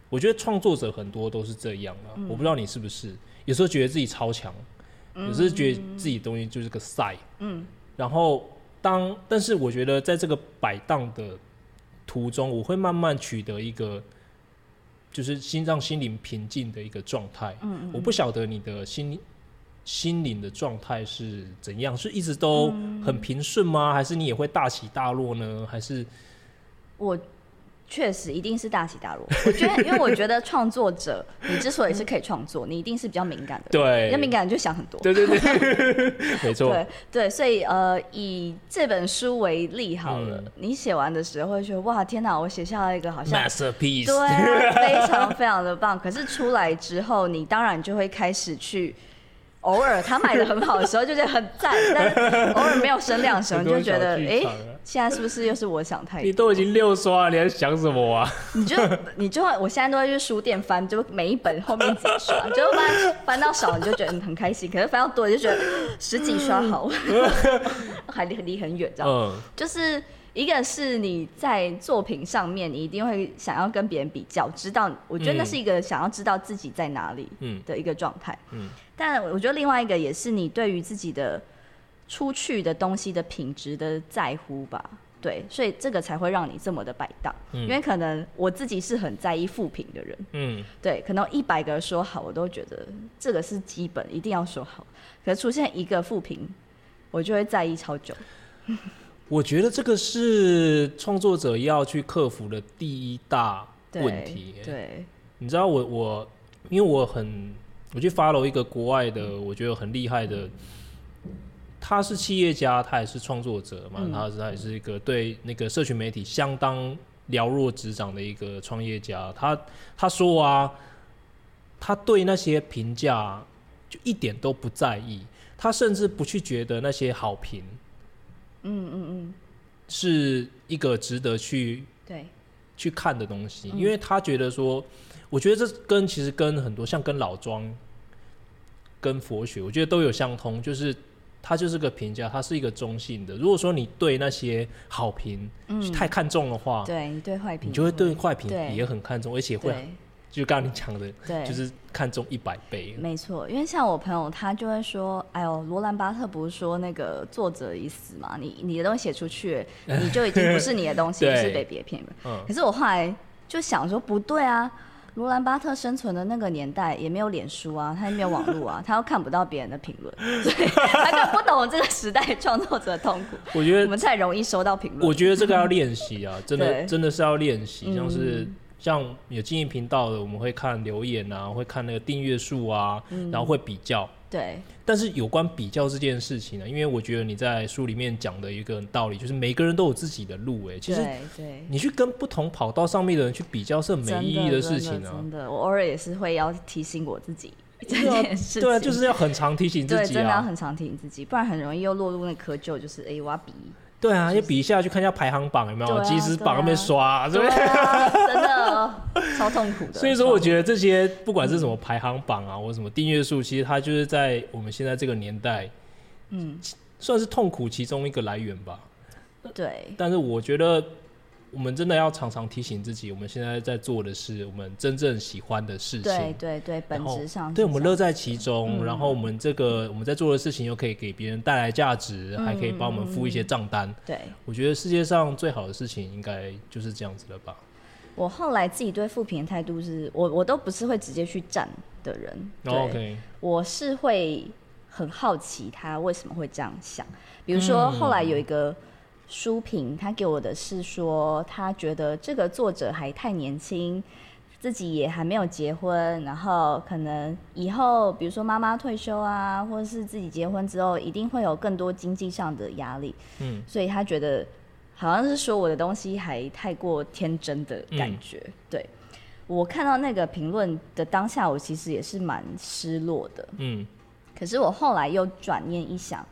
我覺得創作者很多都是這樣啊，嗯、我不知道你是不是，有時候覺得自己超強，有時候覺得自己的東西就是個賽、嗯，嗯，嗯然後。當，但是我覺得在這個擺盪的途中，我會慢慢取得一個就是心臟、心靈平靜的一個狀態。嗯，嗯，我不曉得你的心心靈的狀態是怎樣，是一直都很平順嗎？嗯、還是你也會大起大落呢？還是我？確實，一定是大起大落。我覺得，因為我覺得創作者，你之所以是可以創作，你一定是比較敏感的。對，你敏感就想很多。 對對對，對， 沒錯 對對，所以呃，以這本書為例好了，你寫完的時候會覺得哇，天哪，我寫下一個好像 masterpiece，對、啊，非常非常的棒。可是出來之後，你當然就會開始去偶爾他賣的很好的時候，就覺得很讚，但偶爾沒有聲量的時候，就覺得哎、欸。現在是不是又是我想太多？你都已經六刷了，你還想什麼啊？你就你就會，我現在都會去書店翻，就每一本後面幾刷， 你就翻翻到少你就覺得很開心， 可是翻到多你就覺得十幾刷好， 還離離很遠，這樣。嗯。就是一個是你在作品上面，你一定會想要跟別人比較，知道。我覺得那是一個想要知道自己在哪裡的一個狀態。嗯。嗯。但我覺得另外一個也是你對於自己的。出去的東西的品質的在乎吧，對，所以這個才會讓你這麼的擺盪，嗯、因為可能我自己是很在意負評的人，嗯，對，可能一百個說好，我都覺得這個是基本一定要說好，可是出現一個負評，我就會在意超久。我覺得這個是創作者要去克服的第一大問題、欸對。對，你知道我我，因為我很，我去 follow 一個國外的，我覺得很厲害的、嗯。嗯他是企業家，他也是創作者嘛，他、嗯、他也是一個對那個社群媒體相當瞭若指掌的一個創業家。他他說啊，他對那些評價就一點都不在意，他甚至不去覺得那些好評，嗯嗯嗯，是一個值得去對、嗯嗯嗯、去看的東西，嗯、因為他覺得說，我覺得這跟其實跟很多像跟老莊、跟佛學，我覺得都有相通，就是。它就是個評價，它是一個中性的。如果說你對那些好評、嗯、太看重的話，對你對壞評，你就會對壞評也很看重，對而且會，對就剛剛你講的，對就是看重一百倍。沒錯，因為像我朋友他就會說：“哎呦，羅蘭巴特不是說那個作者已死嘛？你你的東西寫出去， 你就已經不是你的東西， 對是被別人評了。嗯”可是我後來就想說，不對啊。羅蘭巴特生存的那個年代也沒有臉書啊，他也沒有網絡啊，他又看不到別人的評論，所以 他就不懂這個時代創作者的痛苦。 我覺得我們才容易收到評論。我覺得這個要練習啊， 真的對真的是要練習，像是、嗯、像有經營頻道的，我們會看留言啊，會看那個訂閱數啊，嗯、然後會比較。對。但是有關比較這件事情呢、啊，因為我覺得你在書裡面講的一個道理就是每個人都有自己的路，欸，誒，其實你去跟不同跑道上面的人去比較是沒意義的事情啊。真的，真的，真的，我偶爾也是會要提醒我自己這件事情，對啊，就是要很常提醒自己啊，對，真的要很常提醒自己，不然很容易又落入那個窠臼，就是 A Y B。對啊，要、就是、比一下，去看一下排行榜有沒有，即時、啊、榜上面刷，對不對？真的 超痛苦的。所以說，我覺得這些不管是什麼排行榜啊，或、嗯、什麼訂閱數，其實它就是在我們現在這個年代，嗯，算是痛苦其中一個來源吧。對。但是我覺得。我們真的要常常提醒自己，我們現在在做的是我們真正喜歡的事情。對對對，本質上。對，我們樂在其中，然後我們這個我們在做的事情又可以給別人帶來價值，還可以幫我們付一些賬單。對，我覺得世界上最好的事情應該就是這樣子了吧。我後來自己對負評的態度是，我我都不是會直接去戰的人。對，我是會很好奇他為什麼會這樣想。比如說後來有一個。書評，他給我的是說，他覺得這個作者還太年輕，自己也還沒有結婚，然後可能以後，比如說媽媽退休啊，或者是自己結婚之後，一定會有更多經濟上的壓力。嗯，所以他覺得好像是說我的東西還太過天真的感覺。嗯，對。我看到那個評論的當下，我其實也是蠻失落的。嗯，可是我後來又轉念一想。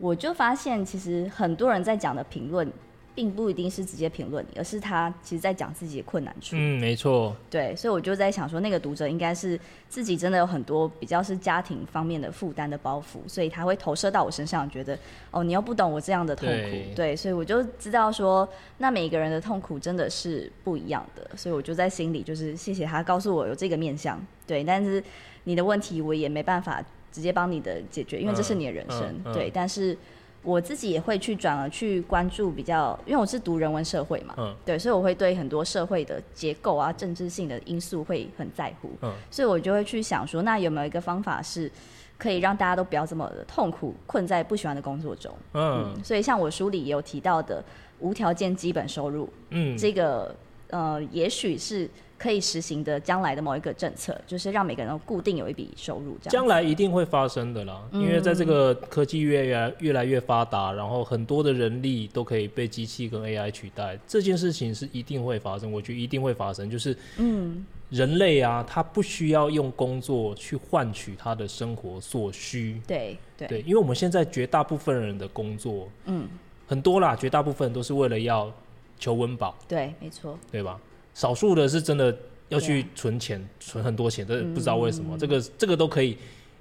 我就發現，其實很多人在講的評論，並不一定是直接評論你，而是他其實，在講自己的困難處。嗯，沒錯。對，所以我就在想說，那個讀者應該是自己真的有很多比較是家庭方面的負擔的包袱，所以他會投射到我身上，覺得哦，你又不懂我這樣的痛苦。對，對，所以我就知道說，那每一個人的痛苦真的是不一樣的，所以我就在心裡就是謝謝他告訴我有這個面向。對，但是你的問題我也沒辦法。直接幫你的解決，因為這是你的人生，啊啊、對。但是我自己也會去轉而去關注比較，因為我是讀人文社會嘛，啊、對，所以我會對很多社會的結構啊、政治性的因素會很在乎，啊、所以我就會去想說，那有沒有一個方法是可以讓大家都不要這麼痛苦，困在不喜歡的工作中？啊、嗯，所以像我書裡也有提到的無條件基本收入，嗯，這個呃，也許是。可以實行的將來的某一個政策，就是讓每個人固定有一筆收入，這樣。將來一定會發生的啦，嗯、因為在這個科技越來越來越發達，然後很多的人力都可以被機器跟 AI 取代，這件事情是一定會發生，我覺得一定會發生。就是，嗯，人類啊，嗯、他不需要用工作去換取他的生活所需。對對，對，因為我們現在絕大部分人的工作，嗯，很多啦，絕大部分都是為了要求溫飽。對，沒錯，對吧？少數的是真的要去存錢，Yeah. 存很多錢，但是不知道為什麼，嗯、這個這個都可以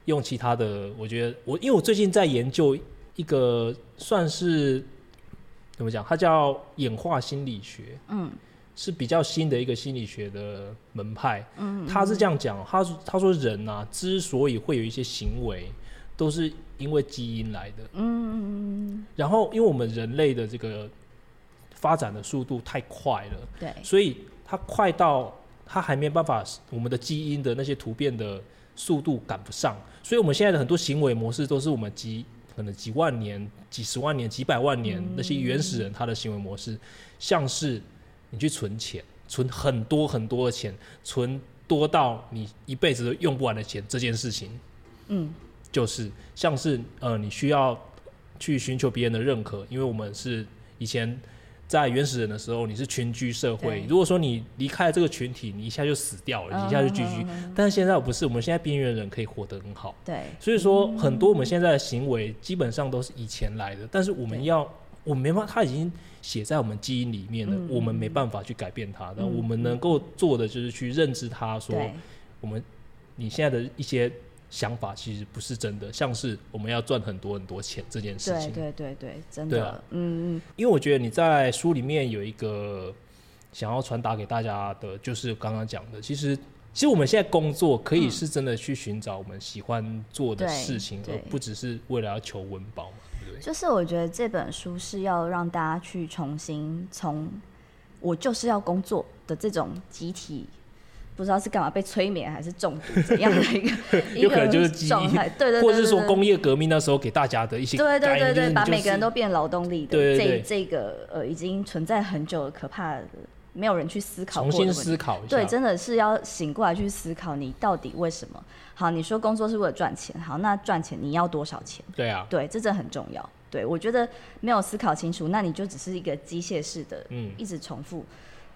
用其他的。我覺得我因為我最近在研究一個算是怎麼講，它叫演化心理學，嗯，是比較新的一個心理學的門派，嗯，他是這樣講，他他說人啊之所以會有一些行為，都是因為基因來的，嗯嗯，然後因為我們人類的這個發展的速度太快了，對，所以。它快到它還沒有辦法，我們的基因的那些突變的速度趕不上，所以我們現在的很多行為模式都是我們幾可能幾萬年、幾十萬年、幾百萬年那些原始人他的行為模式，像是你去存錢，存很多很多的錢，存多到你一輩子都用不完的錢這件事情，嗯，就是像是呃你需要去尋求別人的認可，因為我們是以前。在原始人的時候，你是群居社會。對如果說你離開了這個群體，你一下就死掉了，oh, 一下就 GG。但是現在不是，我們現在邊緣人可以活得很好。對，所以說、嗯、很多我們現在的行為基本上都是以前來的。但是我們要，對我們沒辦法，他已經寫在我們基因裡面了，嗯、我們沒辦法去改變它的，嗯、我們能夠做的就是去認知它，說對我們你現在的一些。想法其實不是真的，像是我們要賺很多很多錢這件事情。對對對對，真的，啦嗯嗯。因為我覺得你在書裡面有一個想要傳達給大家的，就是剛剛講的，其實其實我們現在工作可以是真的去尋找我們喜歡做的事情，嗯、而不只是為了要求溫飽嘛，就是我覺得這本書是要讓大家去重新從“我就是要工作”的這種集體。不知道是幹嘛被催眠還是中毒怎樣的一個一個狀態，對對,對,對,對,對或者是說工業革命那時候給大家的一些、就是、對,對對對對，把每個人都變勞動力的這這個呃已經存在很久的可怕的沒有人去思考過重新思考一下，對，真的是要醒過來去思考你到底為什麼好？你說工作是為了賺錢，好，那賺錢你要多少錢？對啊，對，這真的很重要。對我覺得沒有思考清楚，那你就只是一個機械式的，嗯，一直重複。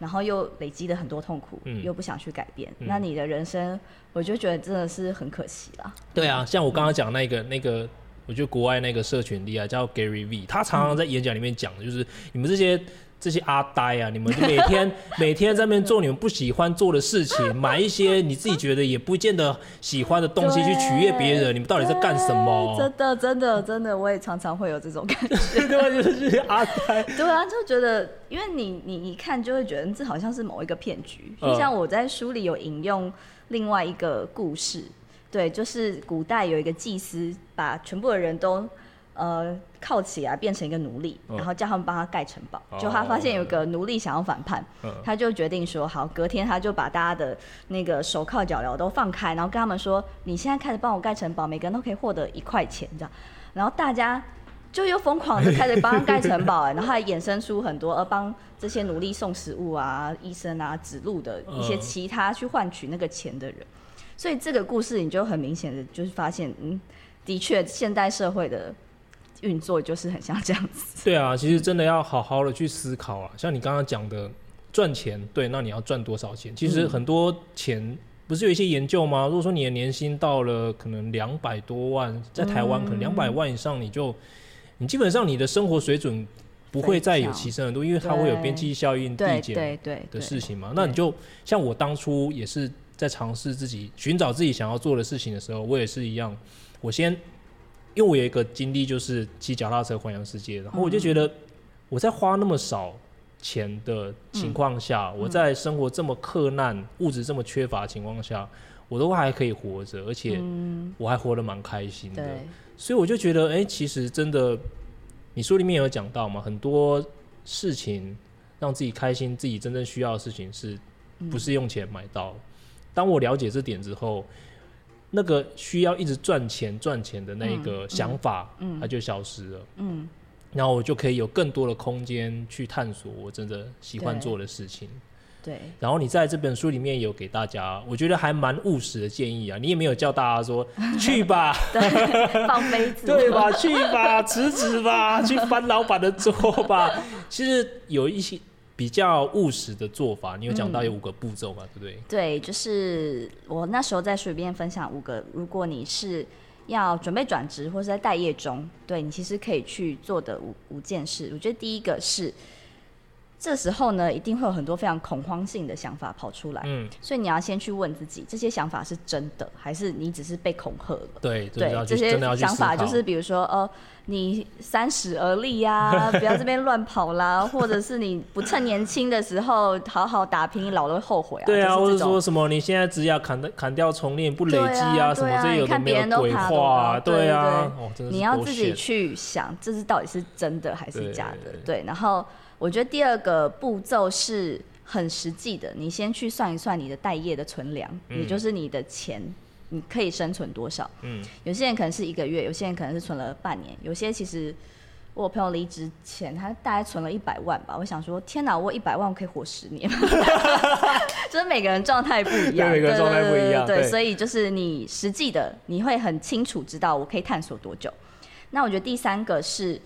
然後又累積了很多痛苦，嗯、又不想去改變，嗯、那你的人生，我就覺得真的是很可惜了。對啊，像我剛剛講那個那個，嗯、那個我覺得國外那個社群厲害，叫 Gary Vee，他常常在演講裡面講的就是、嗯、你們這些。這些阿呆啊，你們就每天 每天在那邊做你們不喜歡做的事情， 買一些你自己覺得也不見得喜歡的東西去取悅別人，對你們到底在幹什麼？真的，真的，真的，我也常常會有這種感覺， 對吧？就是這些阿呆， 對啊，就覺得因為你你一看就會覺得這好像是某一個騙局，嗯，就像我在書裡有引用另外一個故事，對，就是古代有一個祭司把全部的人都。呃，靠起來變成一個奴隸，然後叫他們幫他蓋城堡。Oh. 就他發現有個奴隸想要反叛，oh, okay. 他就決定說：好，隔天他就把大家的那個手銬腳鐐都放開，然後跟他們說：你現在開始幫我蓋城堡，每個人都可以獲得一塊錢，這樣。然後大家就又瘋狂的開始幫他蓋城堡， 然後還衍生出很多，呃，幫這些奴隸送食物啊、醫生啊、指路的一些其他去換取那個錢的人。Oh. 所以這個故事你就很明顯的就是發現，嗯，的確現代社會的。運作就是很像這樣子。對啊，其實真的要好好的去思考啊。嗯、像你剛剛講的，賺錢，對，那你要賺多少錢？其實很多錢不是有一些研究嗎？嗯、如果說你的年薪到了可能兩百多萬，在台灣可能兩百萬以上，你就，嗯、你基本上你的生活水準不會再有提升很多，對因為它會有邊際效應遞減對的事情嘛。對對對對，那你就像我當初也是在嘗試自己尋找自己想要做的事情的時候，我也是一樣，我先。因為我有一個經歷，就是騎腳踏車環遊世界，然後我就覺得我在花那麼少錢的情況下，嗯、我在生活這麼困難，嗯、物質這麼缺乏的情況下，我都還可以活着，而且我還活得蠻開心的。嗯、所以我就覺得，哎、欸，其實真的，你書裡面也有講到嘛，很多事情讓自己開心、自己真正需要的事情，是不是用錢買到？嗯、當我了解這點之後。那個需要一直賺錢賺錢的那個想法，嗯嗯、它就消失了。嗯，然後我就可以有更多的空間去探索我真的喜歡做的事情。對，對然後你在這本書裡面有給大家，我覺得還蠻務實的建議啊。你也沒有叫大家說，去吧，放杯子，對吧？ 去吧，辭職吧， 去翻老闆的桌吧。其實有一些。比較務實的做法，你有講到有五個步驟嘛，嗯、對不對？對，就是我那時候在書裡面分享五個，如果你是要準備轉職或是在待業中，對，你其實可以去做的五五件事。我覺得第一個是。這時候呢，一定會有很多非常恐慌性的想法跑出來。嗯，所以你要先去問自己，這些想法是真的，還是你只是被恐嚇了？對對，這些想法就是比如說，哦，你三十而立呀，不要這邊亂跑啦，或者是你不趁年輕的時候好好打拼，老了會後悔啊。對啊，或者說什麼你現在只要砍掉砍掉重練不累積啊，什麼這些有的沒有鬼話，對啊，你要自己去想，這是到底是真的還是假的？對，然後。我覺得第二個步驟是很實際的，你先去算一算你的待業的存糧，嗯、也就是你的錢，你可以生存多少？嗯，有些人可能是一個月，有些人可能是存了半年，有些其實我朋友離職前他大概存了一百萬吧，我想說，天哪，我一百萬我可以活十年， 就是每個人狀態不一樣，對對每個人狀態不一樣，對，對所以就是你實際的，你會很清楚知道我可以探索多久。那我覺得第三個是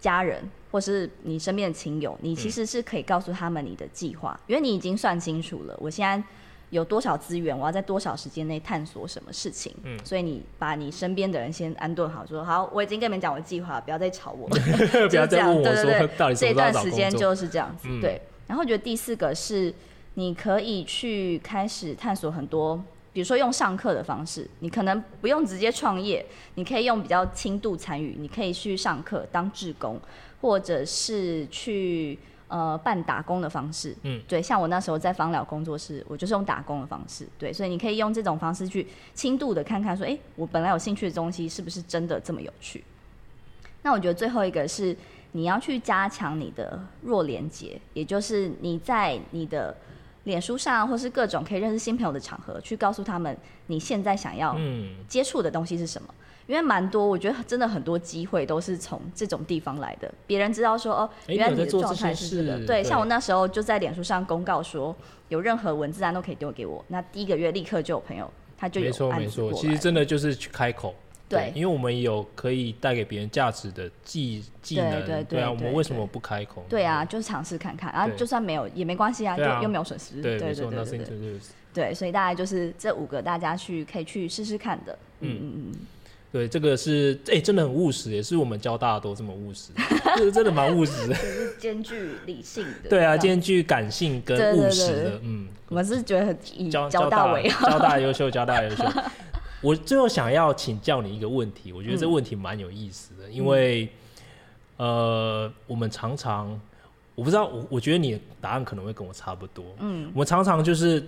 家人。或是你身邊的親友，你其實是可以告訴他們你的計劃，嗯、因為你已經算清楚了，我現在有多少資源，我要在多少時間內探索什麼事情。嗯，所以你把你身邊的人先安頓好，說好，我已經跟你們講我的計劃，不要再吵我了，不要再問我說對，對，對，這段時間就是這樣子。嗯、對，然後我覺得第四個是你可以去開始探索很多。比如說用上課的方式，你可能不用直接創業，你可以用比較輕度參與，你可以去上課當志工，或者是去呃辦打工的方式。嗯，對，像我那時候在芳療工作室，我就是用打工的方式。對，所以你可以用這種方式去輕度的看看說，哎、欸，我本來有興趣的東西是不是真的這麼有趣？那我覺得最後一個是你要去加強你的弱連結，也就是你在你的。臉書上，或是各種可以認識新朋友的場合，去告訴他們你現在想要接觸的東西是什麼。嗯、因為蠻多，我覺得真的很多機會都是從這種地方來的。別人知道說哦，原來你的狀態是的，對。像我那時候就在臉書上公告說，對有任何文字案都可以丟給我。那第一個月立刻就有朋友他就有暗投過來。沒錯，沒錯，其實真的就是去開口。對，因為我們有可以帶給別人價值的技技能，對啊，我們為什麼不開口？對啊，就是嘗試看看，啊就算沒有也沒關係啊，又又沒有損失。對，對對對對對，所以大概就是這五個大家去可以去試試看的。嗯嗯對，這個是哎，真的很務實，也是我們交大都這麼務實，這個真的蠻務實。就是兼具理性的。對啊，兼具感性跟務實的，嗯。我們是覺得很以交大為交大優秀，交大優秀。我最後想要請教你一個問題，我覺得這問題蠻有意思的。嗯、因為，呃，我們常常，我不知道，我我覺得你的答案可能會跟我差不多。嗯，我們常常就是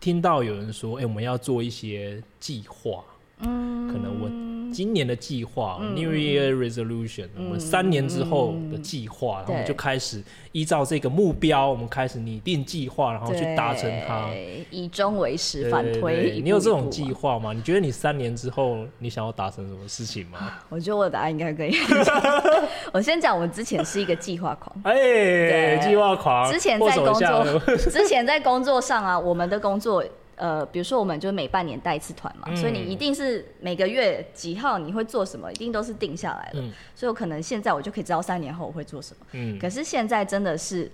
聽到有人說，哎、欸，我們要做一些計劃，嗯，可能我。嗯今年的計劃，New Year Resolution，我們三年之後的計劃，我們就開始依照這個目標，我們開始擬定計劃，然後去達成它。對，以終為始，反推。你有這種計劃嗎？你覺得你三年之後你想要達成什麼事情嗎？我覺得我的答案應該可以。我先講，我之前是一個計劃狂，哎，對，計劃狂。之前在工作，之前在工作上啊，我們的工作。呃，比如說我們就每半年帶一次團嘛，嗯、所以你一定是每個月幾號你會做什麼，一定都是定下來的。嗯、所以我可能現在我就可以知道三年後我會做什麼。嗯。可是現在真的是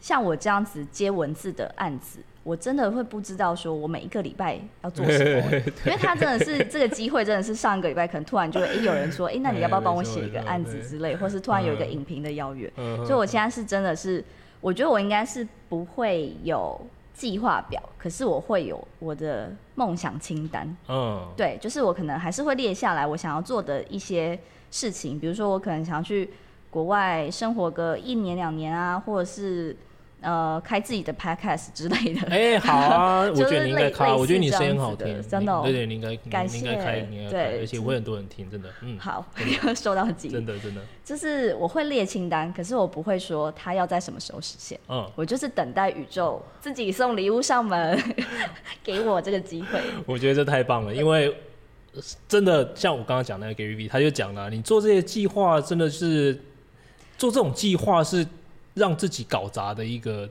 像我這樣子接文字的案子，我真的會不知道說我每一個禮拜要做什麼、欸， 對因為他真的是這個機會真的是上一個禮拜可能突然就誒、欸、有人說，哎、欸，那你要不要幫我寫一個案子之類，錯對或是突然有一個影評的邀約。嗯嗯、所以我現在是真的是，我覺得我應該是不會有計劃表，可是我會有我的夢想清單。嗯，oh. 對，就是我可能還是會列下來我想要做的一些事情，比如說我可能想要去國外生活個一年兩年啊，或者是。呃，開自己的 podcast 之類的。哎，好啊，我覺得你應該開。我覺得你聲音好聽，真的。對對，你應該，感謝，對。而且會很多人聽，真的。嗯，好，你會收到機會。真的，真的。就是我會列清單，可是我不會說他要在什麼時候實現。嗯，我就是等待宇宙自己送禮物上門，給我這個機會。我覺得這太棒了，因為真的像我剛剛講那個 Gary V，他就講了，你做這些計劃，真的是做這種計劃是。讓自己搞砸的一個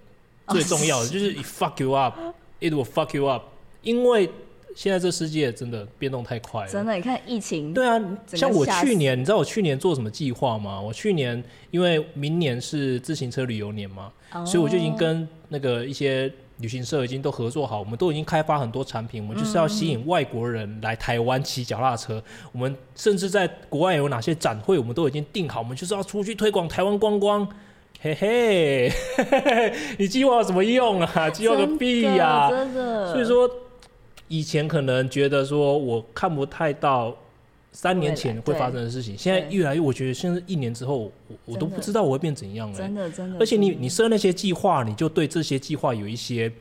最重要的就是、oh、 fuck you up，it will fuck you up，因為現在這世界真的變動太快了。真的，你看疫情。對啊，像我去年，你知道我去年做什麼計劃嗎？我去年因為明年是自行車旅遊年嘛，oh、所以我就已經跟那個一些旅行社已經都合作好，我們都已經開發很多產品，我們就是要吸引外國人來台灣騎腳踏車。嗯、我們甚至在國外有哪些展會，我們都已經定好，我們就是要出去推廣台灣觀光。嘿嘿，hey, hey, 你計劃有什麼用啊？計劃個屁呀，啊！真的所以說，以前可能覺得說我看不太到三年前會發生的事情，現在越來越，我覺得現在一年之後，我對我都不知道我會變怎樣了，欸。真的真的。而且你你設那些計劃，你就對這些計劃有一些，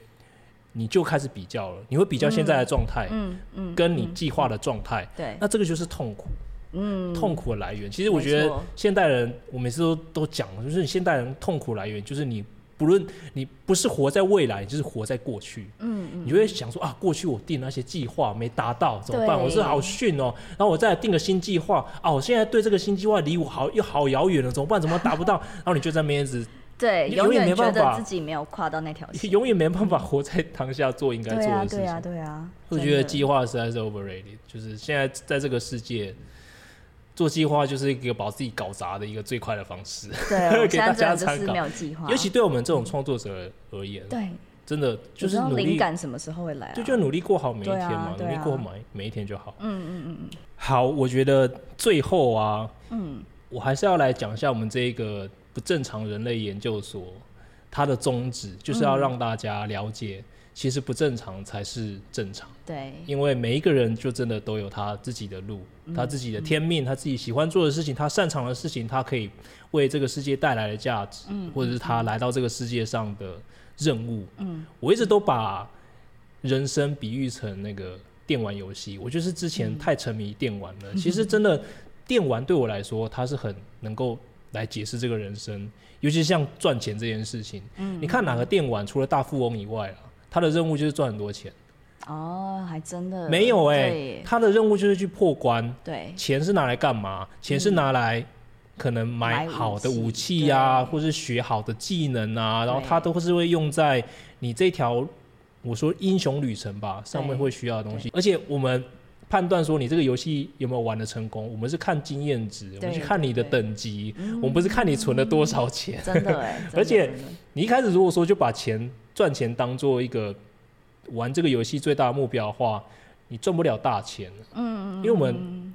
你就開始比較了。你會比較現在的狀態，嗯嗯，嗯嗯，跟你計劃的狀態，對，那這個就是痛苦。嗯，痛苦的來源。其實我覺得現代人，我每次都都講，就是現代人痛苦來源，就是你不論你不是活在未來，就是活在過去。嗯，你就會想說啊，過去我定那些計劃沒達到，怎麼辦？我是好遜哦。然後我再來定個新計劃哦，我現在對這個新計劃離我好又好遙遠了，怎麼辦？怎麼達不到？然後你就在那邊，對，永遠沒辦法自己沒有跨到那條線，永遠沒辦法活在當下做應該做的事情。嗯，對啊，對啊，對啊。我覺得計劃實在是 overrated，就是現在在這個世界。做計劃就是一個把自己搞砸的一個最快的方式，對哦。 給大家參考。尤其對我們這種創作者而言，嗯、對，真的就是努力。靈感什麼時候會來，啊，就就努力過好每一天嘛，啊啊，努力過好每每一天就好。嗯嗯嗯。好，我覺得最後啊，嗯，我還是要來講一下我們這一個不正常人類研究所，它的宗旨就是要讓大家了解。其實不正常才是正常，對，因為每一個人就真的都有他自己的路，他自己的天命，他自己喜歡做的事情，他擅長的事情，他可以為這個世界帶來的價值，或者是他來到這個世界上的任務。我一直都把人生比喻成那個電玩遊戲，我就是之前太沉迷電玩了。其實真的電玩對我來說，它是很能夠來解釋這個人生，尤其像賺錢這件事情，你看哪個電玩除了大富翁以外他的任務就是賺很多錢，哦，還真的沒有哎、欸。他的任務就是去破關，對，錢是拿來幹嘛？錢是拿來可能買好的武器啊，或是學好的技能啊，然後他都是會用在你這條我說英雄旅程吧上面會需要的東西。而且我們判斷說你這個遊戲有沒有玩得成功，我們是看經驗值，我們去看你的等級，我們不是看你存了多少錢。真的，而且你一開始如果說就把錢。賺錢當做一個玩這個遊戲最大的目標的話，你賺不了大錢。嗯，因為我們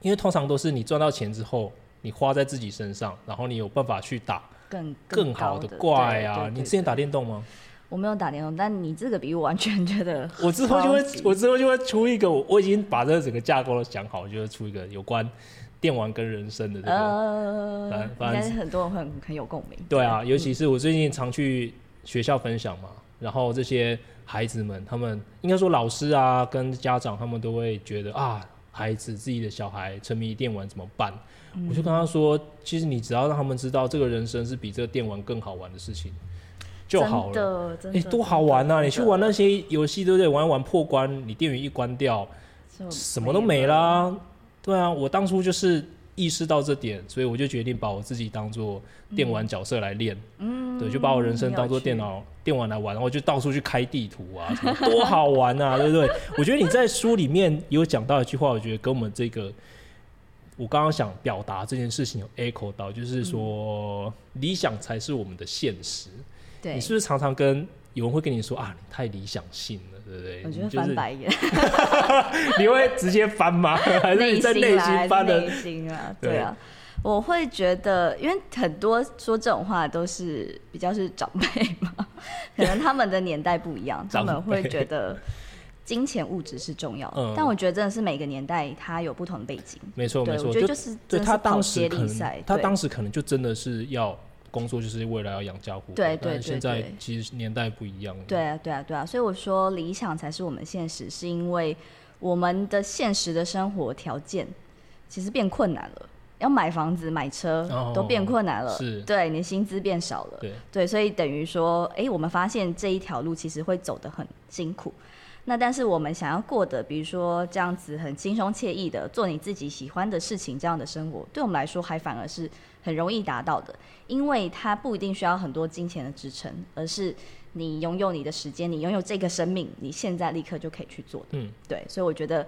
因為通常都是你賺到錢之後，你花在自己身上，然後你有辦法去打更更好的怪啊。你之前打電動嗎？我沒有打電動，但你這個比我完全覺得，我之後就會，我之後就會出一個，我我已經把這個整個架構都想好，就會出一個有關電玩跟人生的這個。反正，應該是很多人會很有共鳴。對啊，尤其是我最近常去，學校分享嘛，然後這些孩子們，他們應該說老師啊跟家長，他們都會覺得啊，孩子自己的小孩沉迷電玩怎麼辦？嗯、我就跟他說，其實你只要讓他們知道，這個人生是比這個電玩更好玩的事情就好了。真的，真的、欸、多好玩啊！的你去玩那些遊戲，對不對？玩一玩破關，你電源一關掉，什麼都沒啦。對啊，我當初就是。意識到這點，所以我就決定把我自己當做電玩角色來練，嗯，對，就把我人生當做電腦、嗯、電玩來玩，然後就到處去開地圖啊，什麼多好玩啊， 對不對？我覺得你在書裡面有講到一句話，我覺得跟我們這個我剛剛想表達這件事情有 echo 到，就是說、嗯、理想才是我們的現實。對你是不是常常跟有人會跟你說啊，你太理想性了？我覺得翻白眼，你會直接翻嗎？還是你在內心翻的？內心啊，對啊，我會覺得，因為很多說這種話都是比較是長輩嘛，可能他們的年代不一樣，他們會覺得金錢物質是重要的。但我覺得真的是每個年代它有不同的背景。沒錯沒錯，我覺得就是真的是對他當時可能，他當時可能就真的是要。工作就是未來要養家糊口，對對，對對對。現在其實年代不一樣對啊，對啊，對啊。所以我說理想才是我們現實，是因為我們的現實的生活條件其實變困難了，要買房子、買車都變困難了。哦，是。對，你的薪資變少了。對。對，所以等於說，哎，我們發現這一條路其實會走得很辛苦。那但是我們想要過的，比如說這樣子很輕鬆愜意的做你自己喜歡的事情，這樣的生活，對我們來說還反而是。很容易達到的，因為它不一定需要很多金錢的支撐，而是你擁有你的時間，你擁有這個生命，你現在立刻就可以去做的。嗯，對，所以我覺得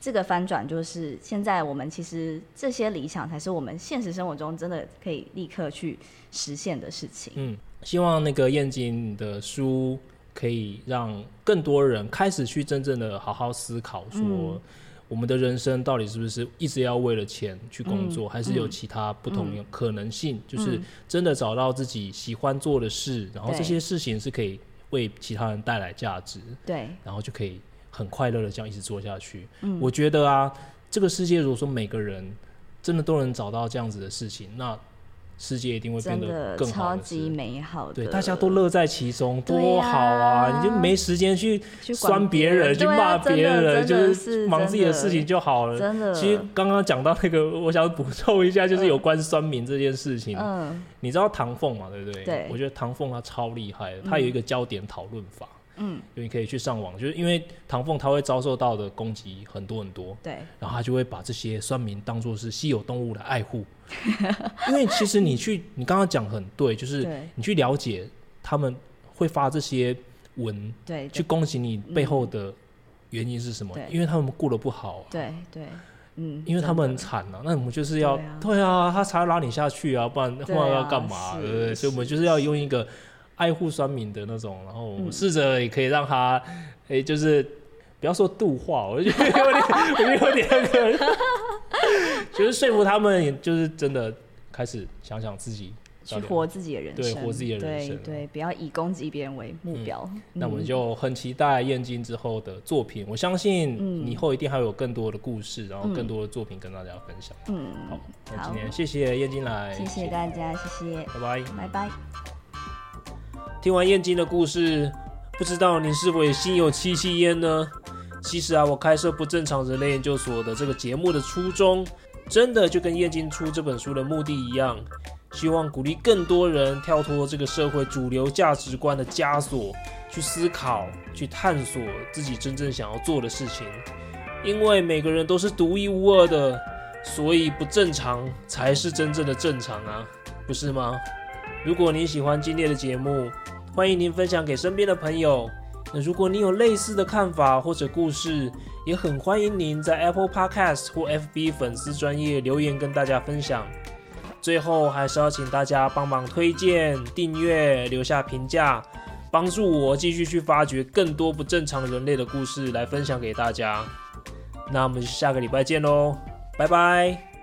這個翻轉就是現在我們其實這些理想才是我們現實生活中真的可以立刻去實現的事情。嗯，希望那個彥菁的書可以讓更多人開始去真正的好好思考說、嗯。我們的人生到底是不是一直要為了錢去工作，嗯、還是有其他不同的可能性？嗯、就是真的找到自己喜歡做的事，嗯、然後這些事情是可以為其他人帶來價值，對，然後就可以很快樂的這樣一直做下去。對我覺得啊，這個世界如果說每個人真的都能找到這樣子的事情，那世界一定會變得更好，超級美好的，對，大家都樂在其中，多好啊！啊，你就沒時間去酸別人，去罵別人，就是忙自己的事情就好了。真的，真的其實剛剛講到那個，我想補充一下，就是有關酸民這件事情。嗯對，你知道唐鳳嘛，對不對？對，我覺得唐鳳她超厲害的，她有一個焦點討論法。嗯嗯，就你可以去上網，就是因為唐鳳他會遭受到的攻擊很多很多，對，然後他就會把這些酸民當做是稀有動物來愛護，因為其實你去，你剛剛講很對，就是你去了解他們會發這些文，對，去攻擊你背後的原因是什麼？因為他們過得不好，對對，嗯，因為他們很慘啊，那我們就是要，對啊，他才要拉你下去啊，不然不然要幹嘛？對不對？所以我們就是要用一個。愛護酸民的那種，然後試着也可以讓他，哎，就是不要說度化，我覺得有點，我有點，就是說服他們，也就是真的開始想想自己，去活自己的人生，對，活自己的人生，對，不要以攻擊別人為目標。那我們就很期待彥菁之後的作品，我相信以後一定還有更多的故事，然後更多的作品跟大家分享。嗯，好，那今天，謝謝彥菁來，謝謝大家，謝謝，拜拜，拜拜。聽完彥菁的故事，不知道您是否也心有戚戚焉呢？其實啊，我開設不正常人類研究所的這個節目的初衷，真的就跟彥菁出這本書的目的一樣，希望鼓勵更多人跳脫這個社會主流價值觀的枷鎖，去思考，去探索自己真正想要做的事情。因為每個人都是獨一無二的，所以不正常才是真正的正常啊，不是嗎？如果您喜歡今天的節目，歡迎您分享給身邊的朋友。那如果你有類似的看法或者故事，也很歡迎您在 Apple Podcast 或 FB 粉絲專頁留言跟大家分享。最後，還是要請大家幫忙推薦、訂閱、留下評價，幫助我繼續去發掘更多不正常人類的故事來分享給大家。那我們就下個禮拜見嘍，拜拜。